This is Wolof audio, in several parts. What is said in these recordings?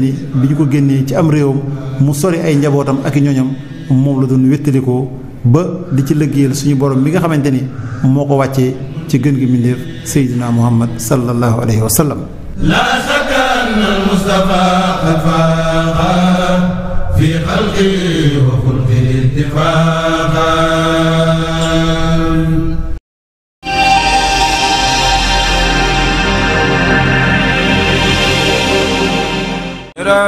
bi ñu ko génnee ci am réewam mu sori ay njabootam ak i ñooñam moom la doon wéttalikoo ba di ci lëggéeyal suñu boroom bi nga xamante ni moo ko wàccee ci gën gi mbindéef Seydina Muhammad sallallahu alayhi wa la shakka anna al-Mustafa fi xalqi wa xulqi ittifaaqa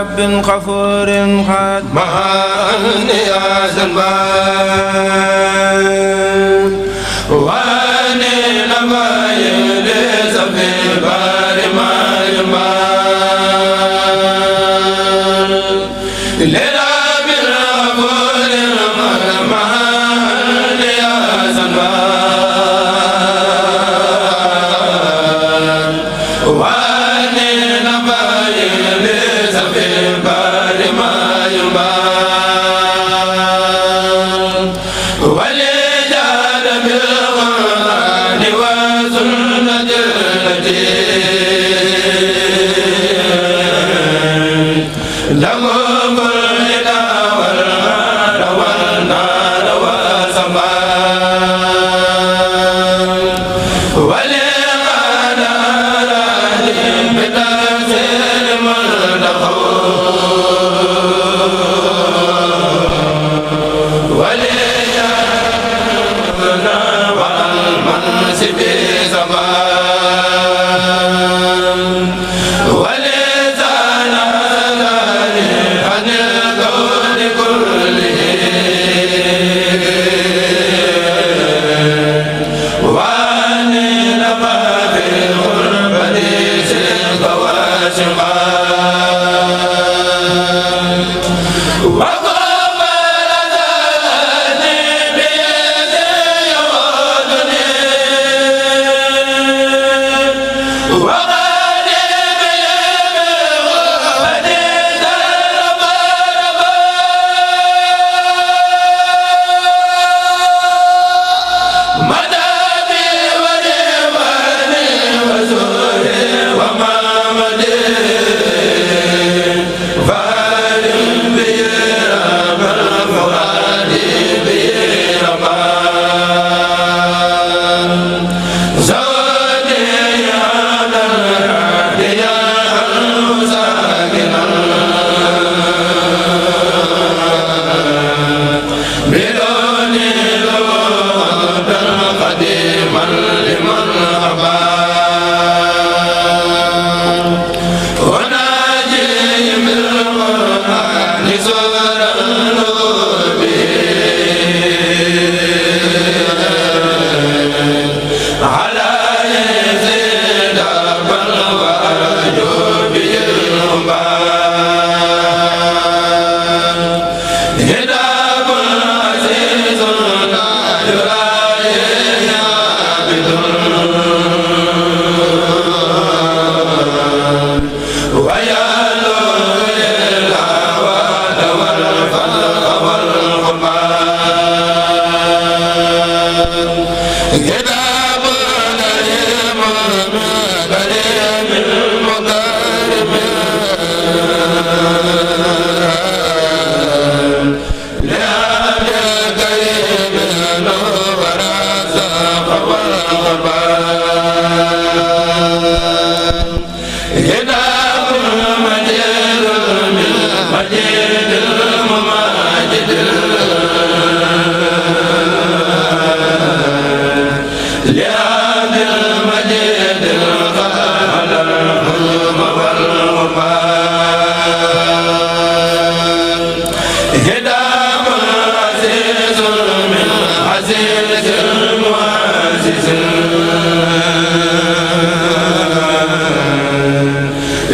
رب غفور حاد مع أغنياء زنبان وأني لما يلي زبين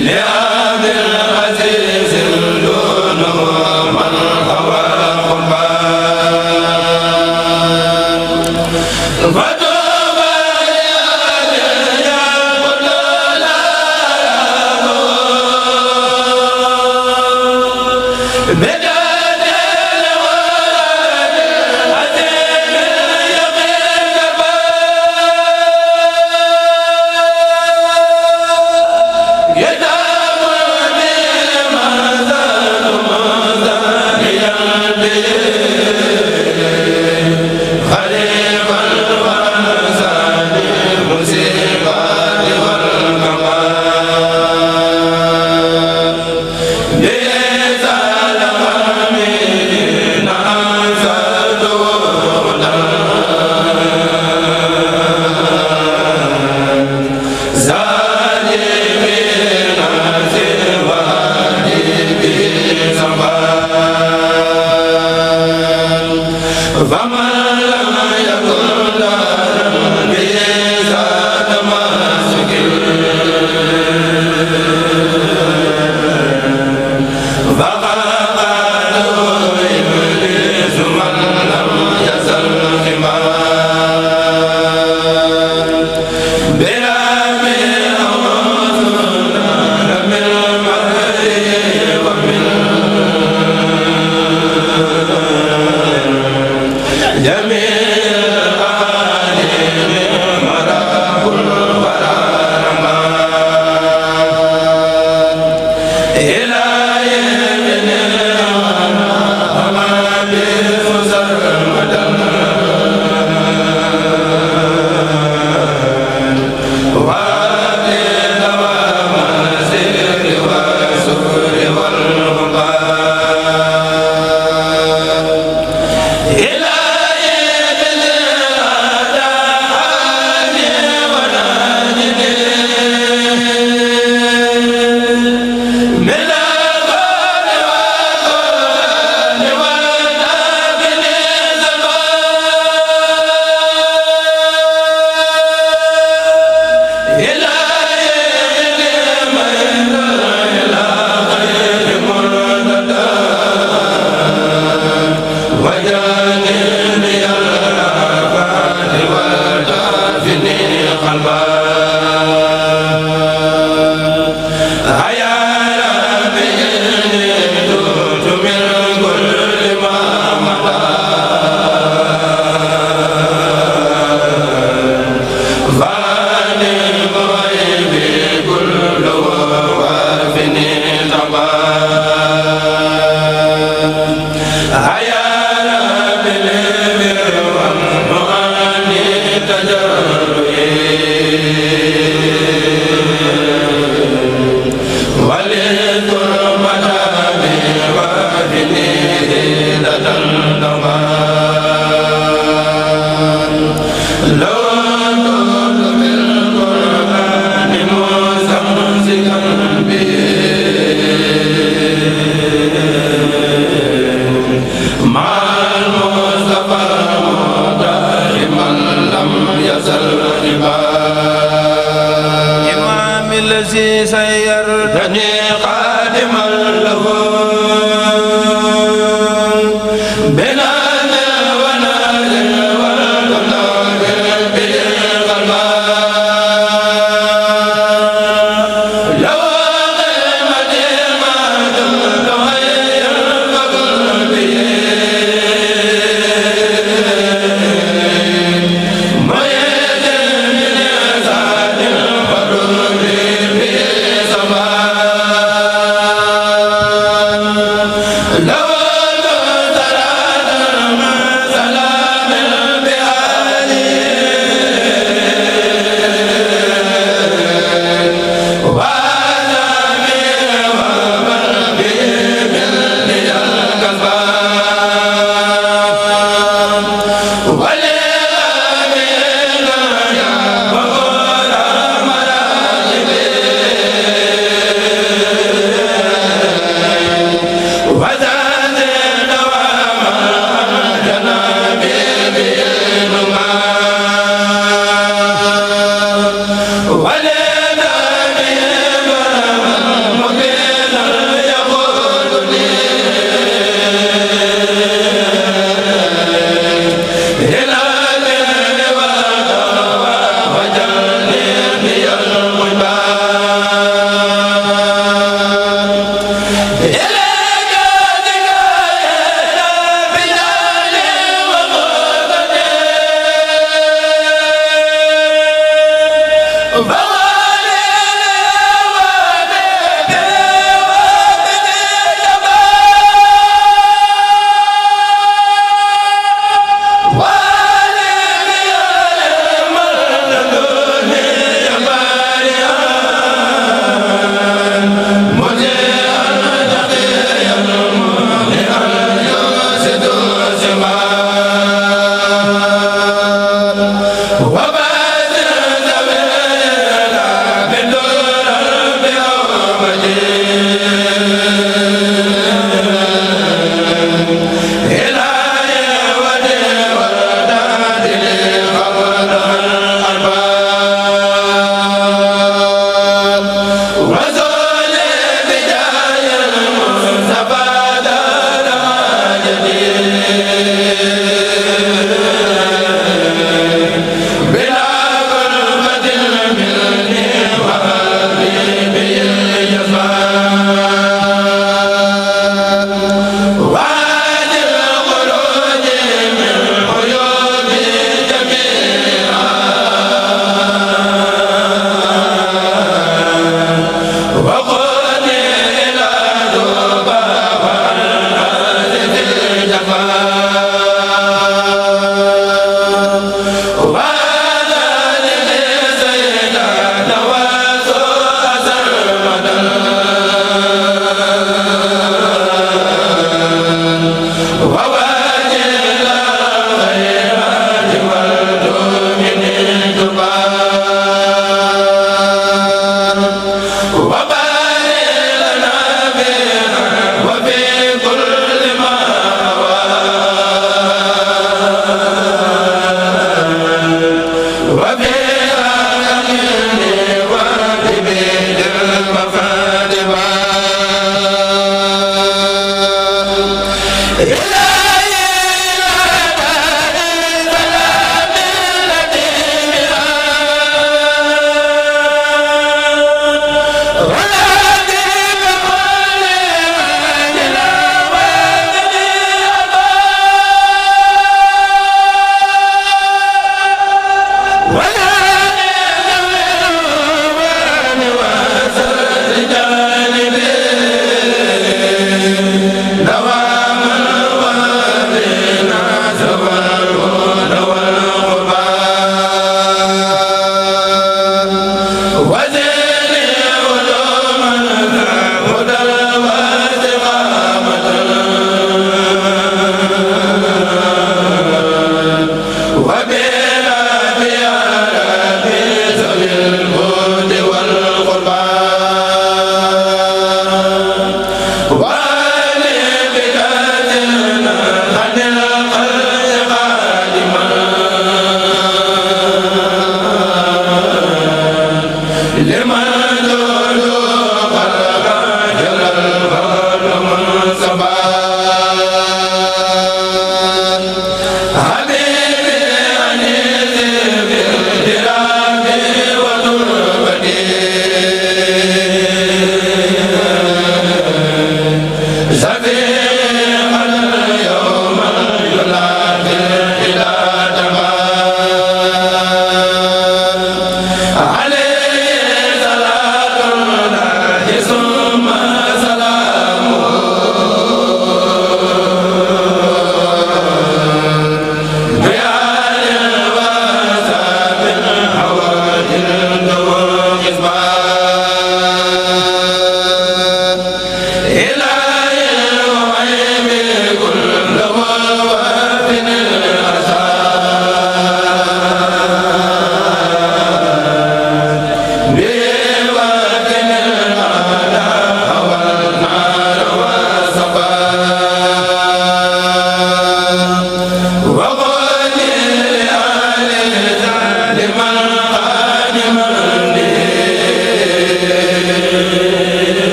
li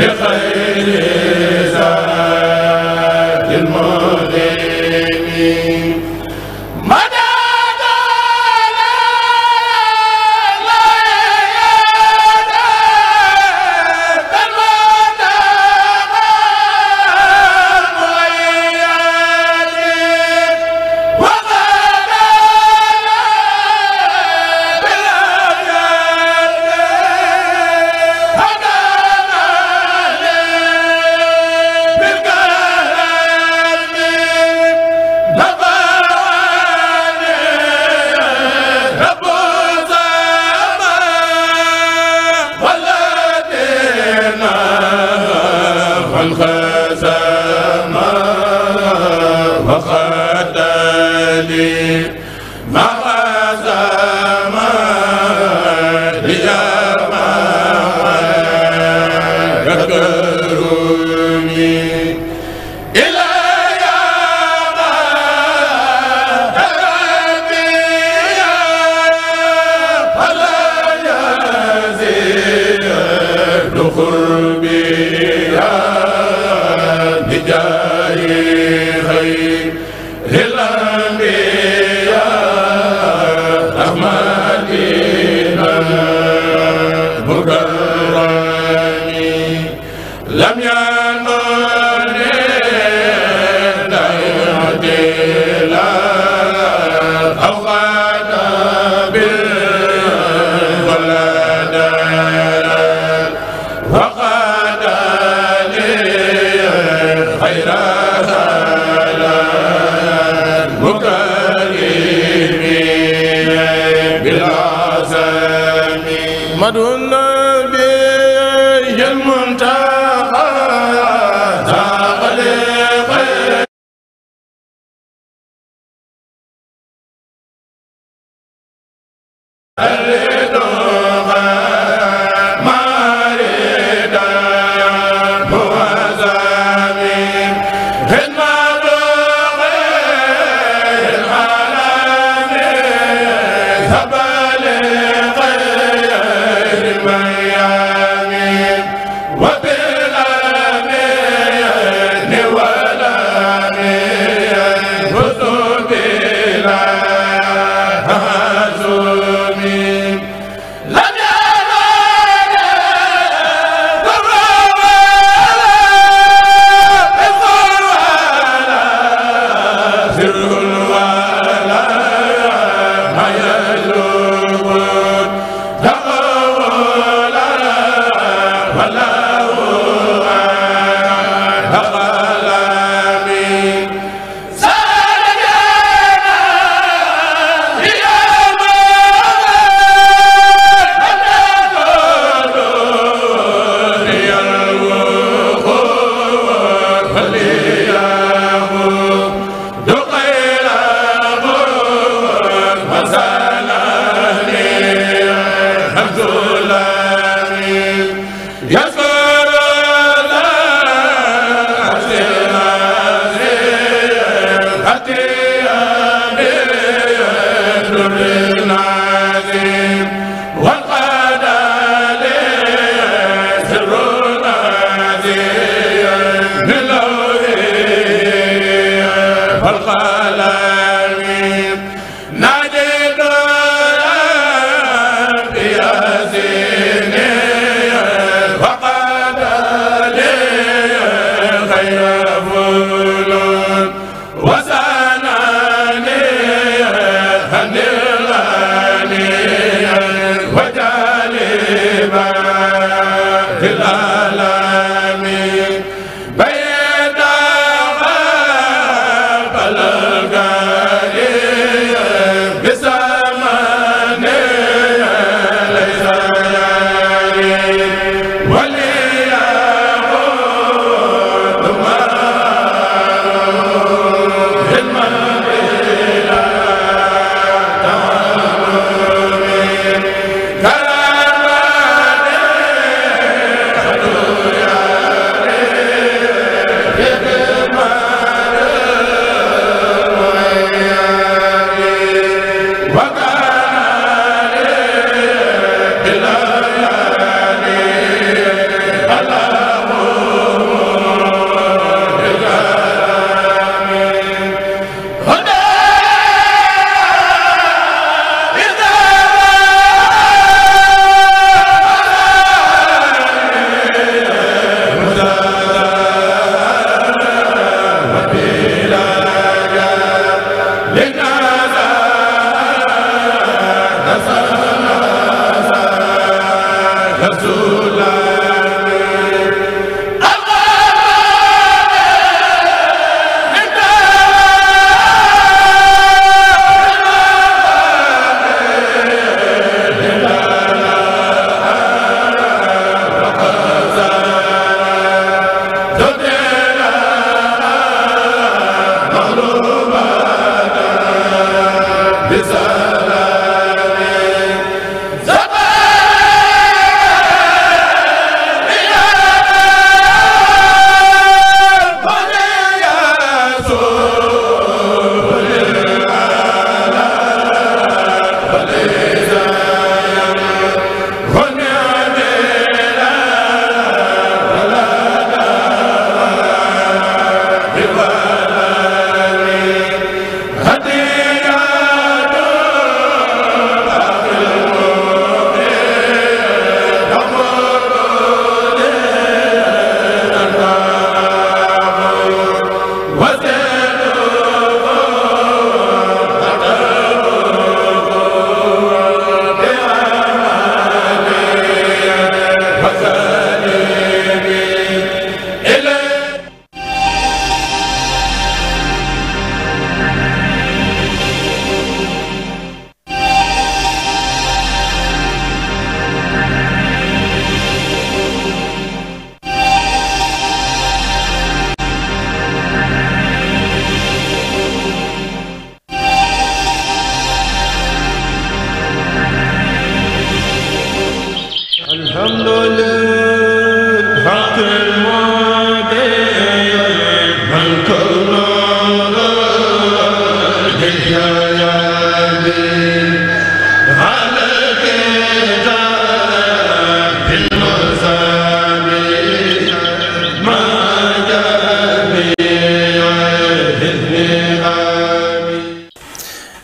lépp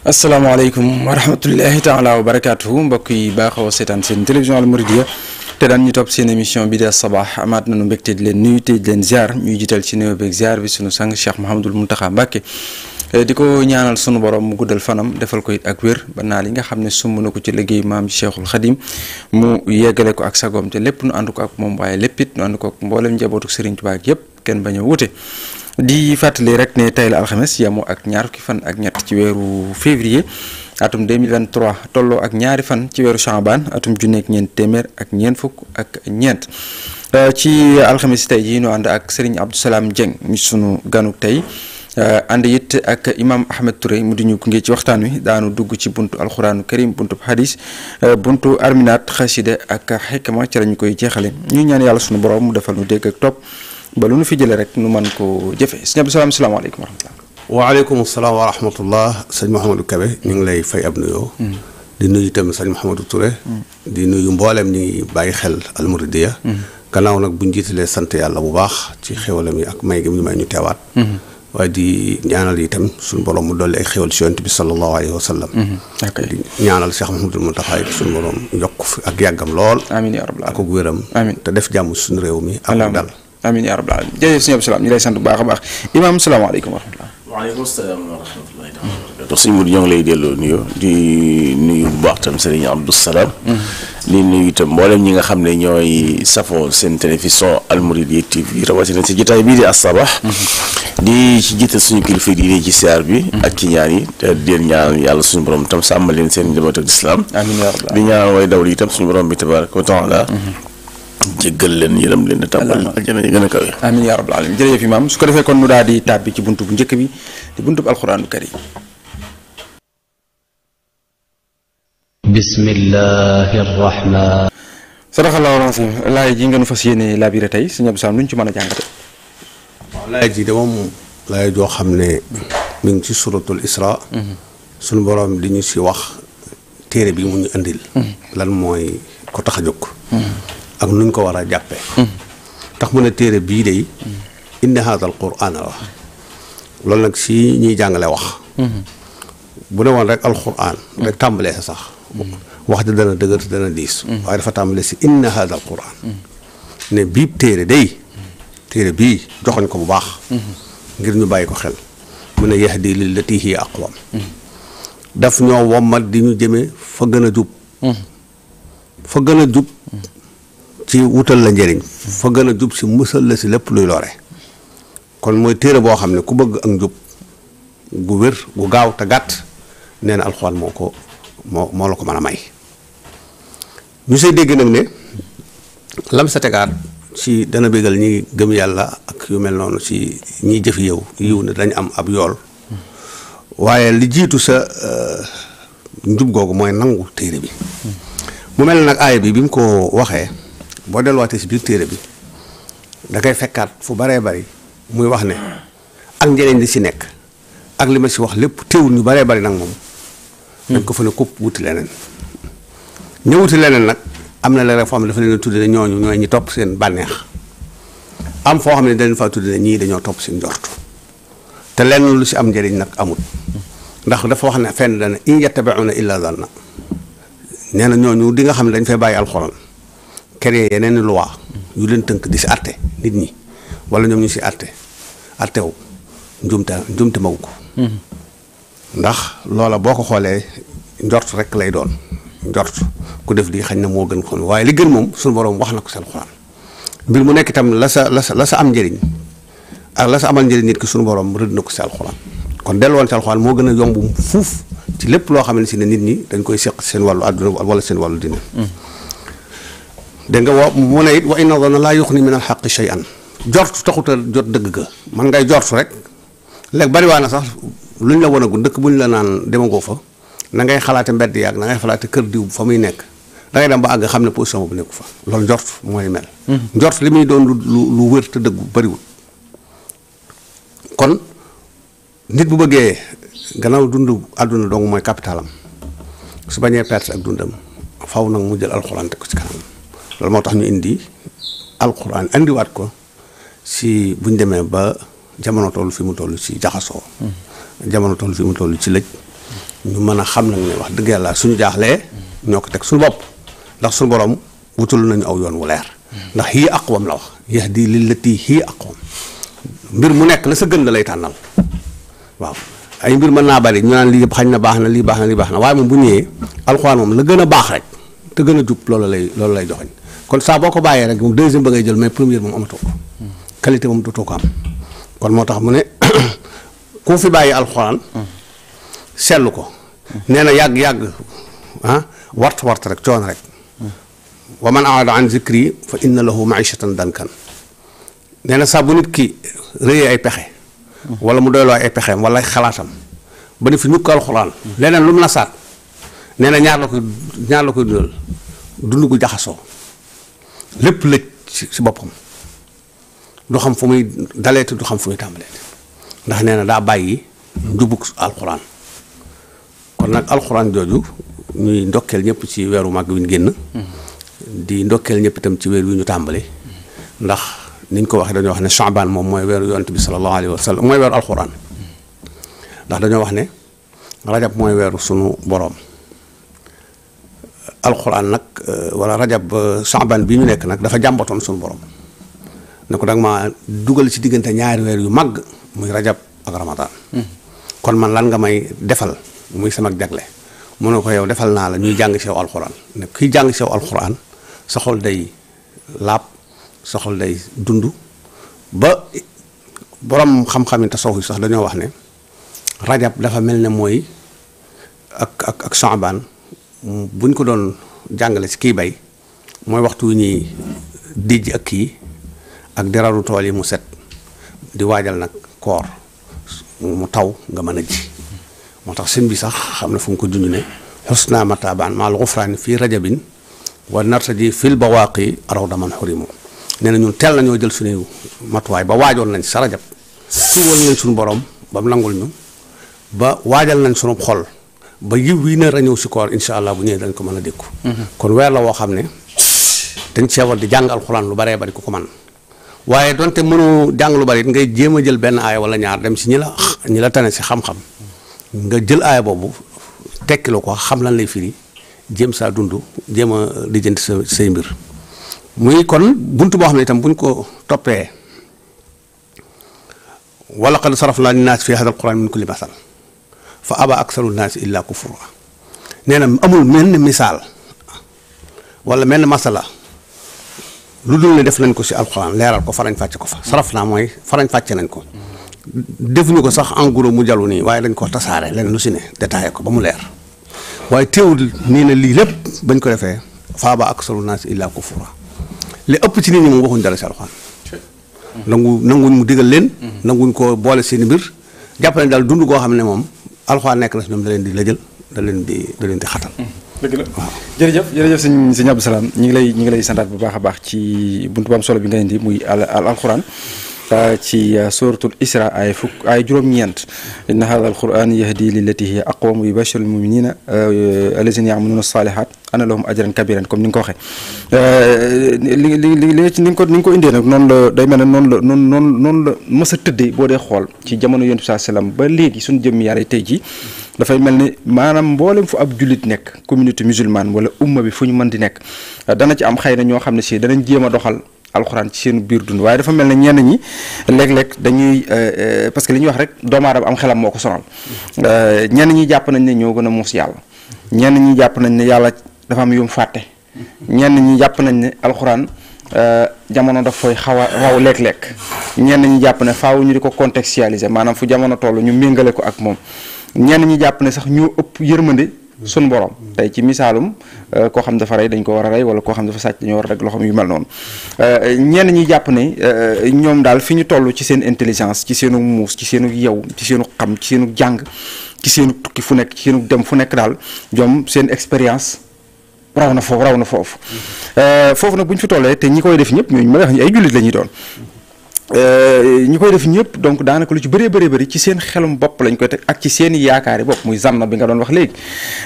asalaamaaleykum wa rahmatullahi taala wa barakaatuhu mbokk yi baaxoo seetaan seen télévision Al Mouridiyyah te daan ñu topp seen émission bi de sabaax amaat nañu mbégte di leen nuyu te di leen ziar ñuy jiital ci néew beeg ziar bi sunu sang Cheikh Mouhamadul Mountakha Mbacké eh, di ko ñaanal sunu borom mu guddal fanam defal ko it ak wér ba naa li nga xam ne sumb na ko ci liggéey maam Cheikhul Khadim mu yeggale ko ak sagoom te lépp nu ànd ko ak moom waaye lépp it nu ànd ko ak mboolem njabootu Serigne Touba kenn bañ a wute. di fàttali rek ne tey la alxames yamoo ak ñaar fukki fan ak ñett ci weeru février atum 2023 tolloo ak ñaari fan ci weeru chambaan atum junneeg ñeent téeméer ak ñeent fukk ak ñeent euh, ci alxames tey jii ñu ànd ak seriñ Abdou Salam Dieng mi sunu ganuk tey euh, ànd it ak imam Ahmed Touré mu di ñu gunge ci waxtaan wi daanu dugg ci buntu alxuraanu karim buntu hadis euh, buntu arminaat xaside ak xikma ci lañu koy jeexale ñu ñaan yàlla sunu borom mu defal nu dégg ak topp. ba lu nu fi jëlee rek nu man koo jëfe sëñ Abdou Salaam salaamaaleykum wa rahmatulah. waaleykum salaam wa rahmatullah sëñ Mouhamadou Kébé ñu ngi lay fay ab nuyoo. Mm. di nuyu tamit sëñ Mouhamadou Touré. Mm. di nuyu mboolem ñu ngi bàyyi xel almuridiya. Mm. gannaaw nag bu ñu jiitalee sant yàlla bu baax ci xéwalam yi ak may gi ñu may ñu teewaat. waaye di ñaanal tam suñu borom mu doole ay xéwal si yonent bi sallallahu alayhi wa sallam. Mm-hmm. di ñaanal Cheikh Mouhamadou Mountakha suñu borom yokk fi ak yàggam lool. amiin yaa rabbal ak wéram. amiin te def jàmm suñu réew mi. ak dal amin yaa rabbal alamin jërëjëf sëñ Abdou Salaam ñu lay sant bu baax a baax imaam salaamaaleykum wa rahmatulah. waaleykum salaam wa rahmatulah. ndax sëñ Modou ñoo ngi lay delloo nuyoo di nuyu bu baax tam sëriñ Abdou Salaam. li mm-hmm. nuyu itam mboolem ñi nga xam ne ñooy safoo seen télévision Almouridiyyah TV rawatina si jotaay bii di As-Sabah mm-hmm. di ci jiital suñu kilifa diine ci siyaar bi. Mm-hmm. ak ci ñaan yi te di leen ñaanal yàlla suñu borom itam sàmm leen seen njaboot ak islaam. amiin di ñaanal way dawli itam suñu borom bi tabaaraka wa taala jéggal leen leen tàbbal leen aljana yi su ko defee kon daal di tàbbi ci buntu bu njëkk bi di buntu bu alxuraanu karim laay ji ngeen fas yéene laabire tey sëñ Abdou Sam ci mën a jàngate waaw laay ji de moom laay joo xam ne mi ngi ci suratul isra mhm. suñu boroom di ñu si wax téere bi mu ñu indil mhm. lan mooy ko tax a jóg mhm. ak nuñ ko war a jàppe tax mu ne téere bii de inna haadal quraan la wax loolu nag si ñuy jàngale wax bu ne woon rek alquraan rek tàmbalee sa sax wax di dana dëgër te dana diis waaye dafa tàmbalee si inna haadal quraan ne biib téere day téere bii joxoñ ko bu baax ngir ñu bàyyi ko xel mu ne yahdi lillati hiya aqwam daf ñoo wommat di ñu jëme fa gën a jub fa gën a jub ci wutal la njëriñ fa gën a jub si musal la si lépp luy lore kon mooy téere boo xam ne ku bëgg ak njub gu wér gu gaaw te gàtt nee na alxuraan moo ko moo moo la ko mën a may ñu say dégg nag ne lam sa tegaat ci dana bégal ñi gëm yàlla ak yu mel noonu ci ñiy jëf yow yiw ne dañ am ab yool waaye li jiitu sa euh, njub googu mooy nangu téere bi mu mel nag aaya bi bi mu ko waxee boo delluwaatee si biir téere bi da ngay fekkaat fu baree bari muy wax ne ak njëriñ li si nekk ak li ma si wax lépp teewul ñu baree bari nag moom. dañ ko fa ne kupp wuti leneen. ñu wuti leneen nag am na la rek foo xam ne dafa leen a tuddee ñooñu ñi topp seen bànneex am foo xam ne dañ faa ñii dañoo topp seen njort te lenn lu si am njëriñ nag amul ndax dafa wax ne fenn dana in yattabi'una illa zanna nee na ñooñu di nga xam ne dañ fay bàyyi alxuraan. créer yeneen loi yu leen tënk di si àtte nit ñi wala ñoom ñu si àtte àtte wu njumte njumte ko mm-hmm. ndax loola boo ko xoolee njort rek lay doon njort ku def di xañ na moo gën kon waaye li gën moom suñu boroom wax na ko seen xuraan mbir mu nekk itam la sa la sa la sa am njëriñ ak la sa amal njëriñ nit ki suñu borom rëdd na ko si alxuraan kon delluwoon si alxuraan moo gën a yomb fuuf ci lépp loo xam ne si ne nit ñi dañ koy seq seen wàllu àdduna wala seen wàllu dina mm-hmm. dégg nga wa mu ne it wa inna zanna laa yuxni min alxaqi shay'an jortu taxut a jot dëgg ga man ngay jortu rek léegi bariwaa na sax luñ la wanagul dëkk buñ la naan demagoo fa na ngay xalaate mbedd yaag na ngay xalaate kër diw fa muy nekk da ngay dem ba àgg xam ne position boobu nekku fa loolu njort mooy mel njort hmm. li muy doon lu lu wér te dëggu bariwul kon nit bu bëggee gannaaw dund àdduna dong mooy capitalam su bañee perte ak dundam faw nag mu jël alxuraan te ko ci kanam loolu moo tax ñu indi alquran indiwaat ko si buñ demee ba jamono toll fi mu toll ci jaxasoo. Mm-hmm. jamono toll fi mu toll ci lëj. ñu mën a xam nag ne wax dëgg yàlla suñu jaaxlee. Mm-hmm. ñoo ko teg suñu bopp ndax suñu borom wutul nañu aw yoon wu leer. Mm-hmm. ndax yii aqwam la wax yahdi lillati yii aqwam mbir mu nekk na sa gën la lay tànnal waaw ay mbir mën naa bari ñu naan lii yëpp xañ na baax na lii baax na lii baax na waaye moom bu ñëwee alxuraan moom la gën a baax rek te gën a jub loolu lay loolu lay joxeñ kon saa boo ko bàyyee rek moom deuxième ba ngay jël mais première moom amatoo ko qualité moom dootoo ko am kon moo tax mu ne ku fi bàyyi alxuraan seetlu ko nee na yàgg-yàgg ah wart wart rek coon rek wa man aada an zikri fa inna lahu maishatan dankan nee na saa bu nit ki réyee ay pexe walla mu doyloo ay pexeem wala xalaatam ba ne fi ñukk alxuraan leneen lu mu nasaat nee na ñaar la koy ñaar la koy dundal dund gu jaxasoo lépp lëj si boppam du xam fu muy daleete du xam fu muy tàmbaleete ndax nee na daa bàyyi njubug alxuraan kon nag alxuraan jooju ñuy ndokkeel ñëpp ci weeru màgg wi ñu génn di ndokkeel ñëpp itam ci weer wi ñu tàmbali ndax niñ ko waxee dañoo wax ne chaban moom mooy weeru yonent bi sallallahu alayhi wa sallam mooy weeru alxuraan ndax dañoo wax ne rajab mooy weeru sunu boroom alxuraan nag euh, wala rajab euh, saaban bi ñu nekk nag dafa jàmbatoon suñu borom ne ko da nga maa dugal ci diggante ñaari weer yu màgg muy rajab ak ramadan hmm. kon man lan nga may defal muy sama jagle mu ne ko yow defal naa la ñuy jàng sew alxuraan ne kuy jàng sew alxuraan soxol day laab sa day dund ba boroom xam-xam yi tasawuf sax dañoo wax ne rajab dafa mel ne mooy ak ak buñ ko doon jàngale si kii bay mooy waxtu wu ñuy dijj ak kii ak di raru tool yi mu set di waajal nag koor mu taw nga mën a ji moo tax sëñ bi sax xam na fu mu ko junj ne xusna mataban maal xufraani fii rajabin wa nartaji fil bawaaqi araw daman xurimu nee na ñun teel nañoo jël suñuy matuwaay ba waajoon nañ sa rajab tuubal nañ suñu boroom ba mu nangul ñu ba waajal nañ suñu xol ba yiw wi nar a ñëw si koor incha allah bu ñëwee dañ ko mën a dékku mhm. kon weer la woo xam ne dañ cee war di jàng alxuraan lu baree bari ku ko man waaye donte mënu jàng lu bari ngay jéem a jël benn aaya wala ñaar dem si ñi la ñi la tane si xam-xam nga jël aaya boobu tekki ko xam lan lay firi jéem saa dund jéem a lijjanti sa say mbir muy kon bunt boo xam ne itam buñ ko toppee walaqad sarafnaa linnaasi fi haadal quraan min kulli masal fa aba ak naas illa kufura nee na amul menn misaal wala menn masala lu dul ne def nañ ko si alxuraan leeral ko farañ fàcce ko fa saraf naa mooy farañ fàcce nañ ko defuñu ko sax enguro mu jalu nii waaye dañ ko tasaare leen lu si ne détaillé ko ba mu leer waaye teewul nii ne lii lépp bañ ko defee faaba aksaru naas illa kufura li ëpp ci nit ñi moom waxuñ dara si alxuraan nangu nanguñ mu digal leen mm-hmm. nanguñ ko boole seen i mbir jàpp ne daal dund goo xam ne moom alxuraan nekk na si ñoom da leen di lëjël da leen di da leen di xatal. Mm-hmm. dëgg la waaw jërëjëf jërëjëf sëñ sëñ Abdou Salaam ñu ngi lay ñu ngi lay santaat bu baax a baax ci buntu bu am solo bi nga indi muy al alxuraan. ci uh, suratul isra ay fukk ay juróom-ñeent inna hada alquran yahdi lillati hiya aqwam wa yubashiru almuminina uh, allazina yamaluna salihat ana lahum ajran kabiran comme ni nga ko waxee uh, li li li li nga ko ni nga ko indee nag noonu la day mel ne noonu la noonu noonu noonu la mës a boo dee xool ci jamono yonent bi saa salaam ba léegi suñu jëmm yaare tey jii dafay mel ni maanaam mboolem fu ab jullit nekk communauté musulmane wala umma bi fu ñu mën di nekk dana ci am xëy na ñoo xam ne si danañ jéem a doxal alxuraan ci seenu biir dund waaye dafa mel ne ñenn ñi léeg-léeg dañuy euh, euh, parce que li ñuy wax rek doomu am xelam moo ko sonal euh, ñenn ñi jàpp nañ ne ñoo gën a muus yàlla ñenn ñi jàpp nañ ne yàlla dafa am yum fàtte ñenn ñi jàpp nañ ne alxuraan jamono daf fooy xaw a raw léeg lekk ñenn ñi jàpp ne faaw ñu di ko contextualiser maanaam fu jamono toll ñu méngale ko ak moom ñenn ñi jàpp ne sax ñoo ëpp yërmande sunu borom tey ci misaalum euh, koo xam dafa rey dañ ko war a rey wala koo xam dafa sàcc dañoo war a rek loxoom yu mel noonu euh, ñenn ñi jàpp ne euh, ñoom daal fi ñu toll ci seen intelligence ci seenu muus ci seenu yow ci seenu xam ci seenu jàng ci seenu tukki fu nekk ci seenu dem fu nekk daal ñoom seen expérience raw na foofu raw na foofu mm-hmm. foofu nag bu ñu fi tollee te ñi koy def ñëpp ñooñu ma wax ñi ay jullit la ñuy doon Euh, ñi koy def ñëpp donc daanaka lu ci bëree bëri bëri ci seen xelum bopp lañ koy teg ak ci seen yaakaar yaakaari bopp muy zamna bi nga doon wax léegi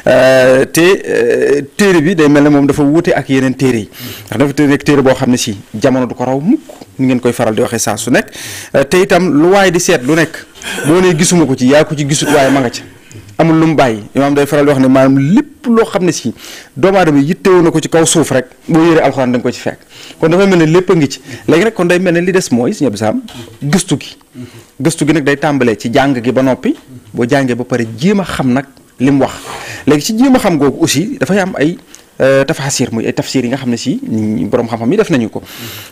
euh, te euh, téere bi day mel ne moom dafa wuute ak yeneen téere yi ndax dafa téere boo xam ne si jamono du ko raw mukk ni ngeen koy faral di waxee saa su nekk te itam lu waay di seet lu nekk boo nee gisuma ko ci yaa ko ci gisut waaye ma nga ca. amul lu mu bàyyi am day faral wax ne maanaam lépp loo xam ne si doomu aadama yittewoo na ko ci kaw suuf rek boo yëree alxuraan da nga ko ci fekk kon dafay mel ne lépp a ngi ci léegi rek kon day mel ne li des mooy sëñ Abdou Sam gëstu gi gëstu gi nag day tàmbalee ci jàng gi ba noppi boo jàngee ba pare jéem a xam nag li mu wax léegi ci jéem a xam googu aussi dafay am ay Euh, tafaasir muy ay tafsir yi nga xam ne si borom xam-xam yi def nañu ko.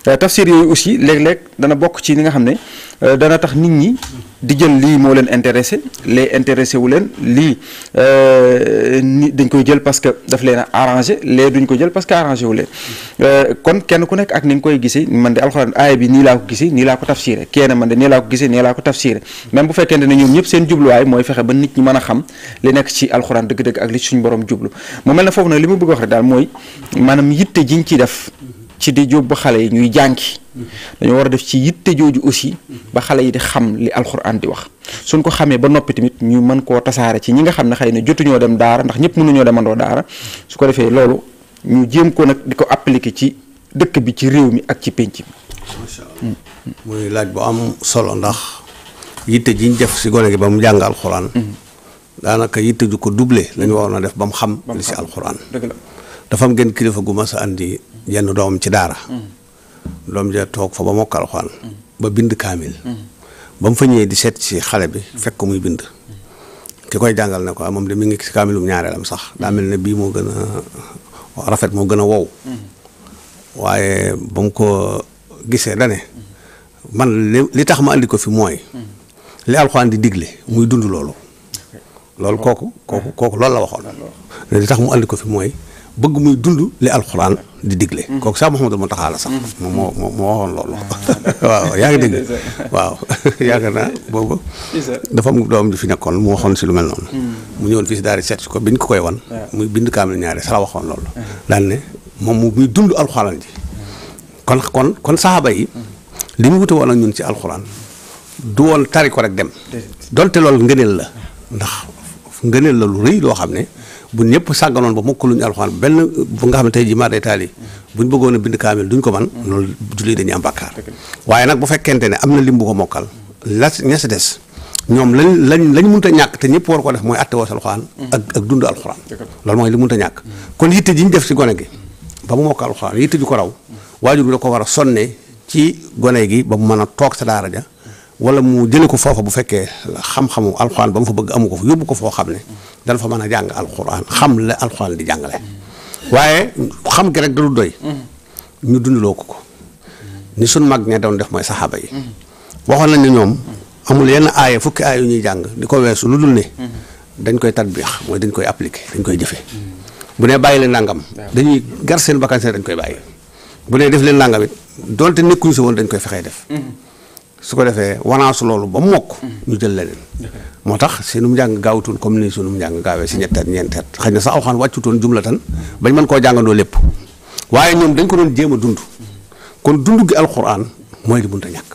Euh, tafsir yooyu aussi léeg-léeg dana bokk ci li nga xam ne euh, dana tax nit ñi di jël lii moo leen intéressé les intéressé wu leen lii ni dañ koy jël parce daf leen a arrangé lee duñ ko jël parce que arrangé wu leen kon kenn ku nekk ak ni nga koy gisee man de alxuraan aaya bi nii laa ko gisee nii laa ko tafsiré kenn man de nii laa ko gisee nii laa ko tafsiré même bu fekkente ne ñëpp seen jubluwaay mooy fexe ba nit xam li nekk ci alxuraan dëgg-dëgg ak li suñ daal mooy maanaam yitte jiñ ci def ci di jóbbu xale yi ñuy jànki dañoo war a def ci yitte jooju aussi ba xale yi di xam li alxuraan di wax suñ ko xamee ba noppi tamit ñu mën koo tasaare ci ñi nga xam ne xëy na jotuñoo dem daara ndax ñëpp nañoo demandoo daara su ko defee loolu ñu jéem ko nag di ko appliquer ci dëkk bi ci réew mi ak ci pénc mi muy laaj bu am solo ndax yitte jiñ def si gone gi ba mu jàng alxuraan mm-hmm. naka yitte ju ko doublé lañu waroon a def ba mu xam si alxuraan dafa am genn kilifa gu ma sa andi yenn doom ci daara mm. doom ja toog fa ba mokkal Alxuraan mm. ba bind kaamil mm. ba mu fa di seet ci xale bi fekk ko muy bind ki koy jàngal ne ko ah, moom de mi ngi ci kaamilum ñaareelam sax daa mel ne bii moo gën a rafet moo gën a wow waaye ba mu ko gisee dane man li tax ma andi ko fi mooy li alxuraan muy dund loolu loolu kooku kooku loolu la waxoon tax mu andi ko fi mooy bëgg muy dund li alxuraan di digle. kooku sax Mouhamadou Mountakha la sax. moom moo moo waxoon loolu. waaw yaa ngi dégg waaw yaakaar naa boobu. dafa am doom ju fi nekkoon mu waxoon si lu mel noonu. Hmm. mu ñëwoon fii si daari seet si ko biñ ko koy wan. muy bind kaamil ñaari sax la waxoon loolu. Hmm. daan ne moom muy dund alxuraan ji. kon kon saxaaba yi. Hmm. li mu wute woon ak ñun ci alxuraan. du woon tari ko rek dem. donte loolu ngëneel la. ndax ngëneel la lu rëy loo xam ne. bu ñëpp sàgganoon ba mokkaluñu alxuraan benn bu nga xam ne tey ji maa day taali buñ bëggoon a bind kaamil duñ ko man loolu julli dañuy am bàkkaar waaye nag bu fekkente ne am na lim bu ko mokkal la ña si des ñoom lañ lañ lañ mënut a ñàkk te ñëpp war ko def mooy atte woos alxuraan ak ak dund alxuraan loolu mooy li mun a ñàkk kon yitte ji ñu def si gone gi ba mu mokk alxuraan yitte ju ko raw waajur bi da ko war a sonne ci gone gi ba mu mën a toog sa daara ja wala mu jëlee ko foofa bu fekkee xam-xamu alxuraan ba mu fa bëgg amu ko fa yóbbu ko foo xam ne dana fa mën a jàng alxuraan xam la alxuraan di jàngale waaye xam gi rek da du doy mm-hmm. ñu dundaloo ko ko ni suñ mag ña doon def mooy saxaaba yi waxoon nañ ne ñoom amul yenn aaya fukki aaya yu ñuy jàng di ko weesu lu dul ne mm-hmm. dañ koy tatbiix mooy dañ koy appliquer dañ koy jëfe mm-hmm. bu ne bàyyi leen nangam dañuy gar seen bakkan dañ koy bàyyi bu ne def leen nangam it donte nekkuñu si woon dañ koy fexee def su ko defee wanaasu loolu ba mu mokk. ñu jël leneen. moo tax seenum njàng gaawutoon comme ni mu njàng gaawee si ñetteet ñeenteet xëy na sax aw xaan wàccutoon jumlatan bañ mën koo jàngandoo lépp waaye ñoom dañ ko doon jéem a dund kon dund gi alxuraan mooy di mënta ñàkk.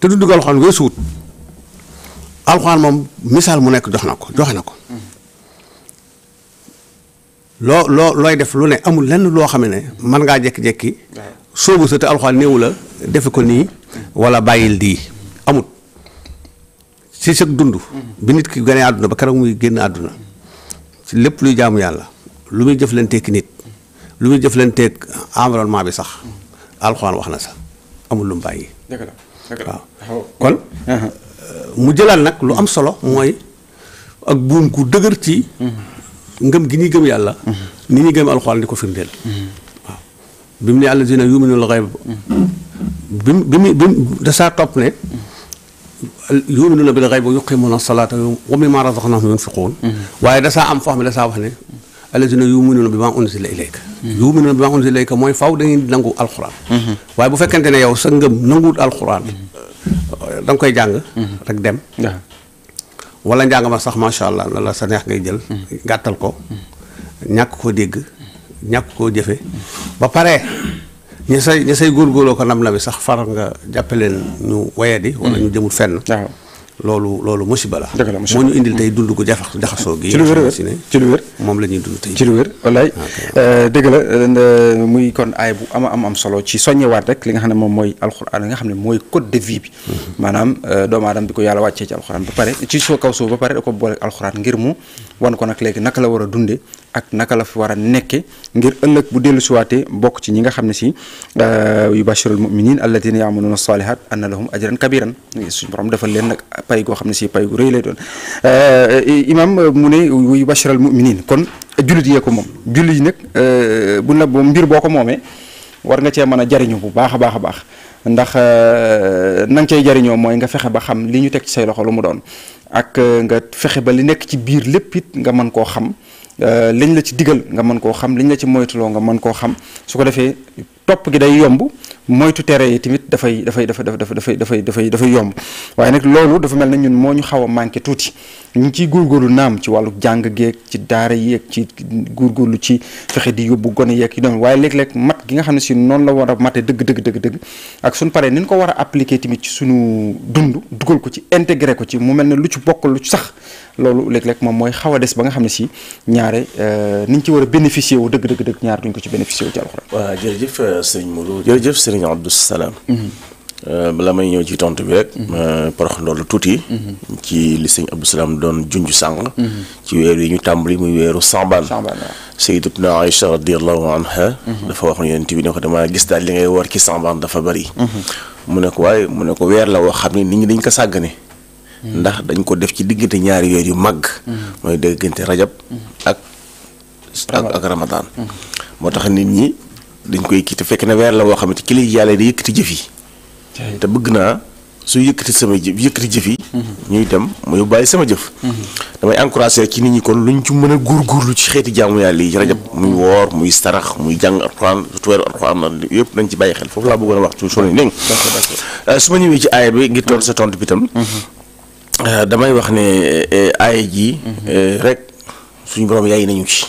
te dund gi alxuraan moom misaal mu nekk jox na ko joxe na ko. loo loo looy def lu ne amul lenn loo xam ne mën ngaa jékki-jékki. soobu sa te alxuraan néewu la defe ko nii. wala bàyyil di amut si sag dund bi nit ki gane àdduna ba keroog muy génn àdduna si lépp luy jaamu yàlla lu muy jëflanteeg nit lu muy jëflanteeg environnement bi sax alxuraan wax na sax amul lu mu bàyyi waaw kon euh, mu jëlal nag lu am solo mooy ak buum ku dëgër ci mhm. ngëm gi ñuy gëm yàlla mhm. ni ñuy gëm alxuraan di ko firndeel mhm. bi mu ne allazina yuminul xayb bi mu bi mu bi mu da saa topp ne yuminuuna bil ghaybi wa yuqimuuna salaata wa mimmaa razaqnaahum yunfiquun waaye da saa am foo xam ne da saa wax ne allazina yuminuuna bimaa mooy faw dañuy nangu alxuraan waaye bu fekkente ne yow sa ngëm nanguwut alxuraan da nga koy jàng rek wala njàng sax macha la sa neex ngay jël gàttal ko ñàkk koo dégg ñàkk koo jëfe ba pare ña say ña say góorgóorloo ko nam na bi sax far nga jàppaleen ñu wayadi mm. wala ñu jëmul fenn loolu loolu musiba la moo ñu indil tey dund ko jafax jaxasoo gi ci lu wér si ne moom la ñuy dund tey ci lu wér wallaay euh, dëgg la euh, muy kon aay bu am am am solo ci soññewaat rek li nga xam ne moom mooy alxuraan li nga xam ne mooy code de vie bi mm-hmm. maanaam euh, doomu aadama bi ko yàlla wàccee ci alxuraan ba pare ci soo kaw suuf ba pare da ko boole alxuraan ngir mu wan ko nag léegi naka la war a dunde ak naka la fi war a nekke ngir ëllëg bu dellu siwaatee bokk ci ñi nga xam ne si euh, yu bashirul muminin na yaamaluna salihat anna lahum ajran kabiran suñ borom defal leen pay goo xam ne si pay gu rëy lay doon euh, imam mu ne yu bashirul muminin kon jullit yee ko moom jullit yi nag euh, bu la mbir boo ko moomee war nga cee mën a jariñoo bu baax a baax a baax ndax na nga cay jariñoo mooy nga fexe ba xam li ñu teg ci say loxo lu mu doon ak nga fexe ba li nekk ci biir lépp it nga mën koo xam Euh, liñ la ci digal nga mën koo xam liñ la ci moytuloo nga mën koo xam su ko defee topp gi day yomb moytu tere yi tamit dafay dafay dafa dafa dafay dafay dafay dafay yomb waaye nag loolu dafa mel na ñun moo ñu xaw a manqué tuuti ñu ngi ciy góorgóorlu naam ci wàllu jàng geeg ci daara yeeg ci góorgóorlu ci fexe di yóbbu gone yeeg yu doon waaye léeg-léeg mat gi nga xam ne si noonu la war a mate dëgg dëgg dëgg dëgg ak suñ paree ni ñu ko war a appliquer tamit ci suñu dund dugal ko ci intégré ko ci mu mel ne lu ci bokk lu ci sax loolu léeg-léeg moom mooy xaw a des ba nga xam ne si ñaare euh, niñ ci war a bénéficier wu dëgg dëgg dëgg ñaar duñ ko ci bénéficier wu ci alxuraan euh, sëriñ Abdou Salam euh, bala may ñëw ci tontu bi rek. ma porox ndoolu tuuti. ci li sëñ Abdou Salam doon junj sànq. ci weer yi ñu tàmbali muy weeru Sambaan. Sayyidatuna Aïcha radiyallahu anha mhm. dafa wax ne yonent bi ne ko gis daal li ngay woor ci Sambaan dafa bëri. mu ne ko waaye mu ne ko weer la woo xam ne nit ñi dañ ko sàggane. Mhm. ndax dañ ko def ci diggante ñaari weer yu màgg. Mhm. mooy diggante rajab ak ak ak ramadaan. moo tax nit ñi. dañ koy kii te fekk na weer la woo xamante ki lay yàlla di yëkkati jëf yi. te bëgg naa su yëkkati sama jëf yëkkati jëf yi. Mm-hmm. ñuy dem mu yóbbaale sama jëf. Mm-hmm. damay encouragé ci nit ñi kon luñ ci mën a góorgóorlu ci xeeti jaamu yàlla yi rajab mm-hmm. muy woor muy sarax muy jàng alxuraan surtout weeru alxuraan na yëpp nañ ci bàyyi xel foofu laa bëggoon a wax ci solo yi dégg euh, su ma ñëwee ci aaya bi ngir sa tontu bi tam. Euh, damay wax ne euh, aaya ji rek suñu borom nañu ci.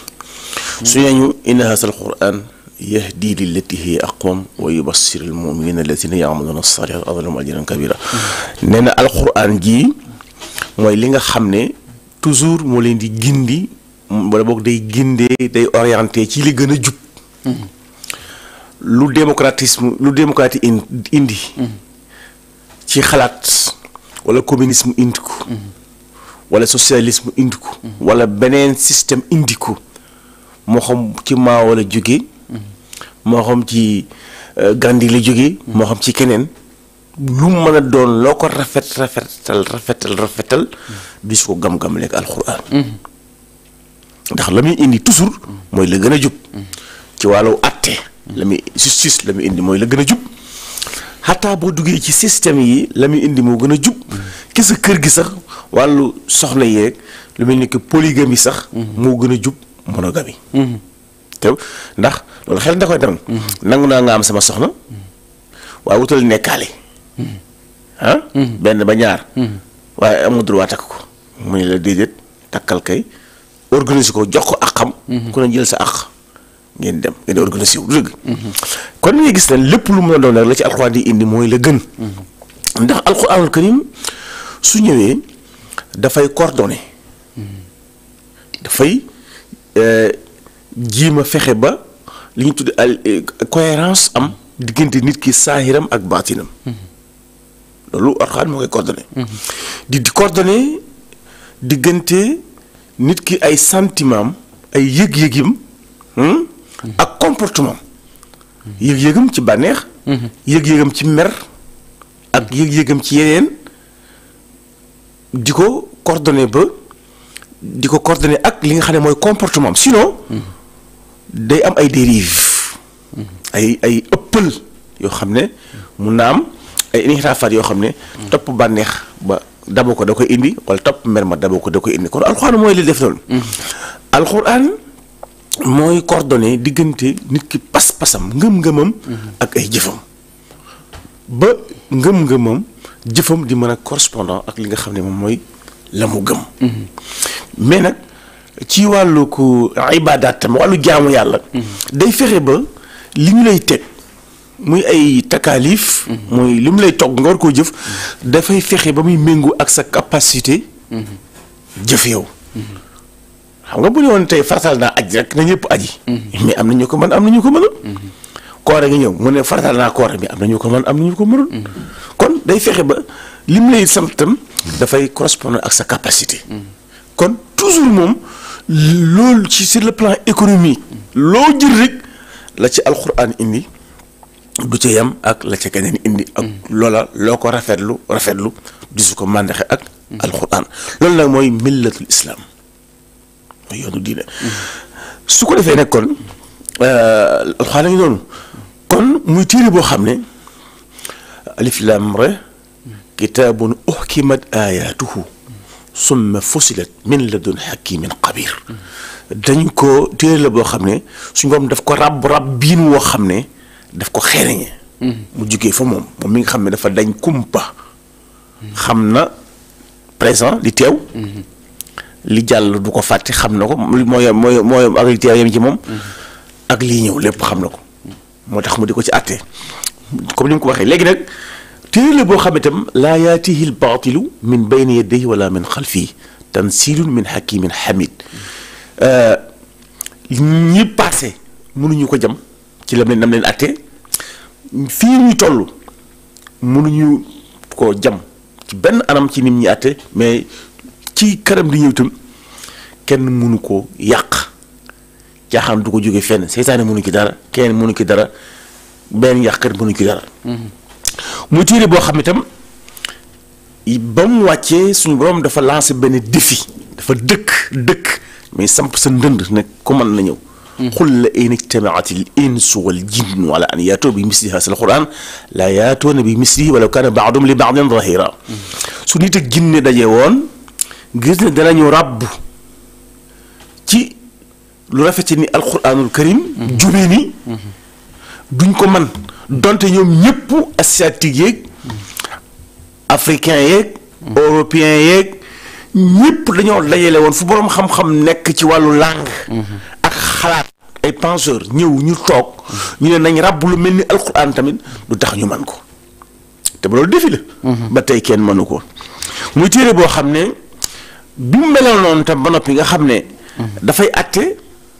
suñu nañu haasal quraan yahdi lillati hiya aqwam wa yubassir al muminina alladina yamaluna salihat adalum ajran kabira nee na alquran jii mooy li nga xam ne toujours moo leen di gindi wala boog day gindee day orienté ci li gën a jub lu démocratisme lu démocratie indi ci xalaat wala communisme indi ko wala socialisme indi ko wala beneen système indi ko moo xam ci maa wala jóge moo xam ci euh, gandi la jóge moo xam ci keneen lu mën a doon loo ko rafet rafetal rafetal di dis ko gam-gam lekk alxuraan ndax la muy indi toujours mooy la gën a jub ci wàllu àtte la muy la muy indi mooy la gën a jub xataa boo duggee ci système yi la muy indi moo gën a jub ki sa kër gi sax wàllu soxna yi lu mel ni que polygamie sax moo gën a jub monogamie te ndax loolu xel da koy dem. nangu naa nga am sama soxna. waaye wutal nekkaale. ah. benn ba ñaar. waaye amul droit takk ko. mu ne la déedéet takkal kay organiser ko jox ko ak xam. ku ne jël sa ak ngeen dem ngeen organiser wu dëgg. kon ñuy gis ne lépp lu mën a doon rek la ci alxuraan di indi mooy la gën. ndax alxuraanul karim su ñëwee dafay coordonné. dafay. Euh, jiima fexe ba li ñu tudd ay eh, cohérence am diggante nit ki saahiram ak baatinam mm-hmm. loolu Alxuraan moo koy coordonné mm-hmm. di di coordonné diggante nit ki ay sentimentam ay yëg-yëgim hmm, mm-hmm. ak comportement yëg-yëgam ci bànneex yëg-yëgam ci mer ak yëg-yëgam ci yeneen di ko coordonné ba di ko coordonné ak li nga xam ne mooy comportement am sinon day am ay dérives ay ay ëppal yoo xam ne mu na am ay inxiraafaat yoo xam ne topp bànneex ba dabo ko da koy indi wala topp mer ma dabo ko da koy indi kon alxuraan mooy li def loolu alxuraan mooy coordonné diggante nit ki pas-pasam ngëm-ngëmam ak ay jëfam ba ngëm-ngëmam jëfam di mën a correspondant ak li nga xam ne moom mooy la mu gëm mhm. mais nag ci wàllu ku ibaadaat tam wàllu jaamu yàlla. day fexe ba li ñu lay teg muy ay takaalif. muy li mu lay togg nga war koo jëf. dafay fexe ba muy méngoo ak sa capacité. jëf yow. xam nga bu ñu woon tey farataal naa aj rek na ñëpp aji. mais am na ñu ko man am na ñu ko mënul. koor gi ñëw mu ne farataal naa koor am na ko mën am na ñu ko mënul. kon day fexe ba lim lay samtam dafay correspondre ak sa capacité. kon toujours moom. loolu ci sur le plan économique loo jël rek la ci alxuraan indi du ci yem ak la ci keneen indi ak loola loo ko rafetlu rafetlu gisu ko màndaxe ak alxuraan loolu nag mooy millatul islaam mooy su ko defee nag kon euh, alxuraan a noonu kon muy téere boo xam ne alif lam ra kitaabun uhkimat ayatuhu summa fusilat min ladun hakimin xabir dañ ko téere boo xam ne suñu borom daf ko ràbb rab biin woo xam ne daf ko xereñe mu jugee fa moom moom mi nga xam ne dafa dañ kumpa xam na présent li teew li jàll du ko fàtte xam na ko mooy mooy mooy ak li teew yem ci moom ak lii ñëw lépp xam na ko moo tax mu di ko ci àtte comme ni mu ko waxee léegi nag téere la boo xam itam laa yaatihi l baatilu min bayni yadayhi wala min xalfihi tansilun min hakimin hamid euh, ñi passé mënuñu ko jam ci lam leen leen atte fii ñu toll mënuñu ko jam ci benn anam ci nim ñi atte mais ci kanam di ñëw itam kenn mënu ko yàq caaxaan du ko jóge fenn seytaane mënu ci dara kenn mënu ci dara benn yàqkat mënu ci dara mm-hmm. muy téere boo xam itam ba mu wàccee suñu borom dafa lancé benn défi dafa dëkk dëkk mais samp sa ndënd ne ko mën na ñëw xul hmm. la in ijtamaat al insu wal jinnu bi misli haasal quran la yaatoona bi misli wala kaana baadum li baadin zahira hmm. su nit ak jinne daje woon gis ne danañu ràbb ci lu rafete ni alquranul karim hmm. jube ni duñ ko man donte ñoom ñëpp asiatique yeeg africain yeeg européen yeeg ñëpp dañoo dajale woon fu boroom xam-xam nekk ci wàllu langue ak xalaat ay penseur ñëw ñu toog ñu ne nañ ràbb lu mel ni alxuraan tamit du tax ñu man ko te ba loolu defi la ba tey kenn mënu ko muy téere boo xam ne bi mu meloon tam ba noppi nga xam ne dafay àtte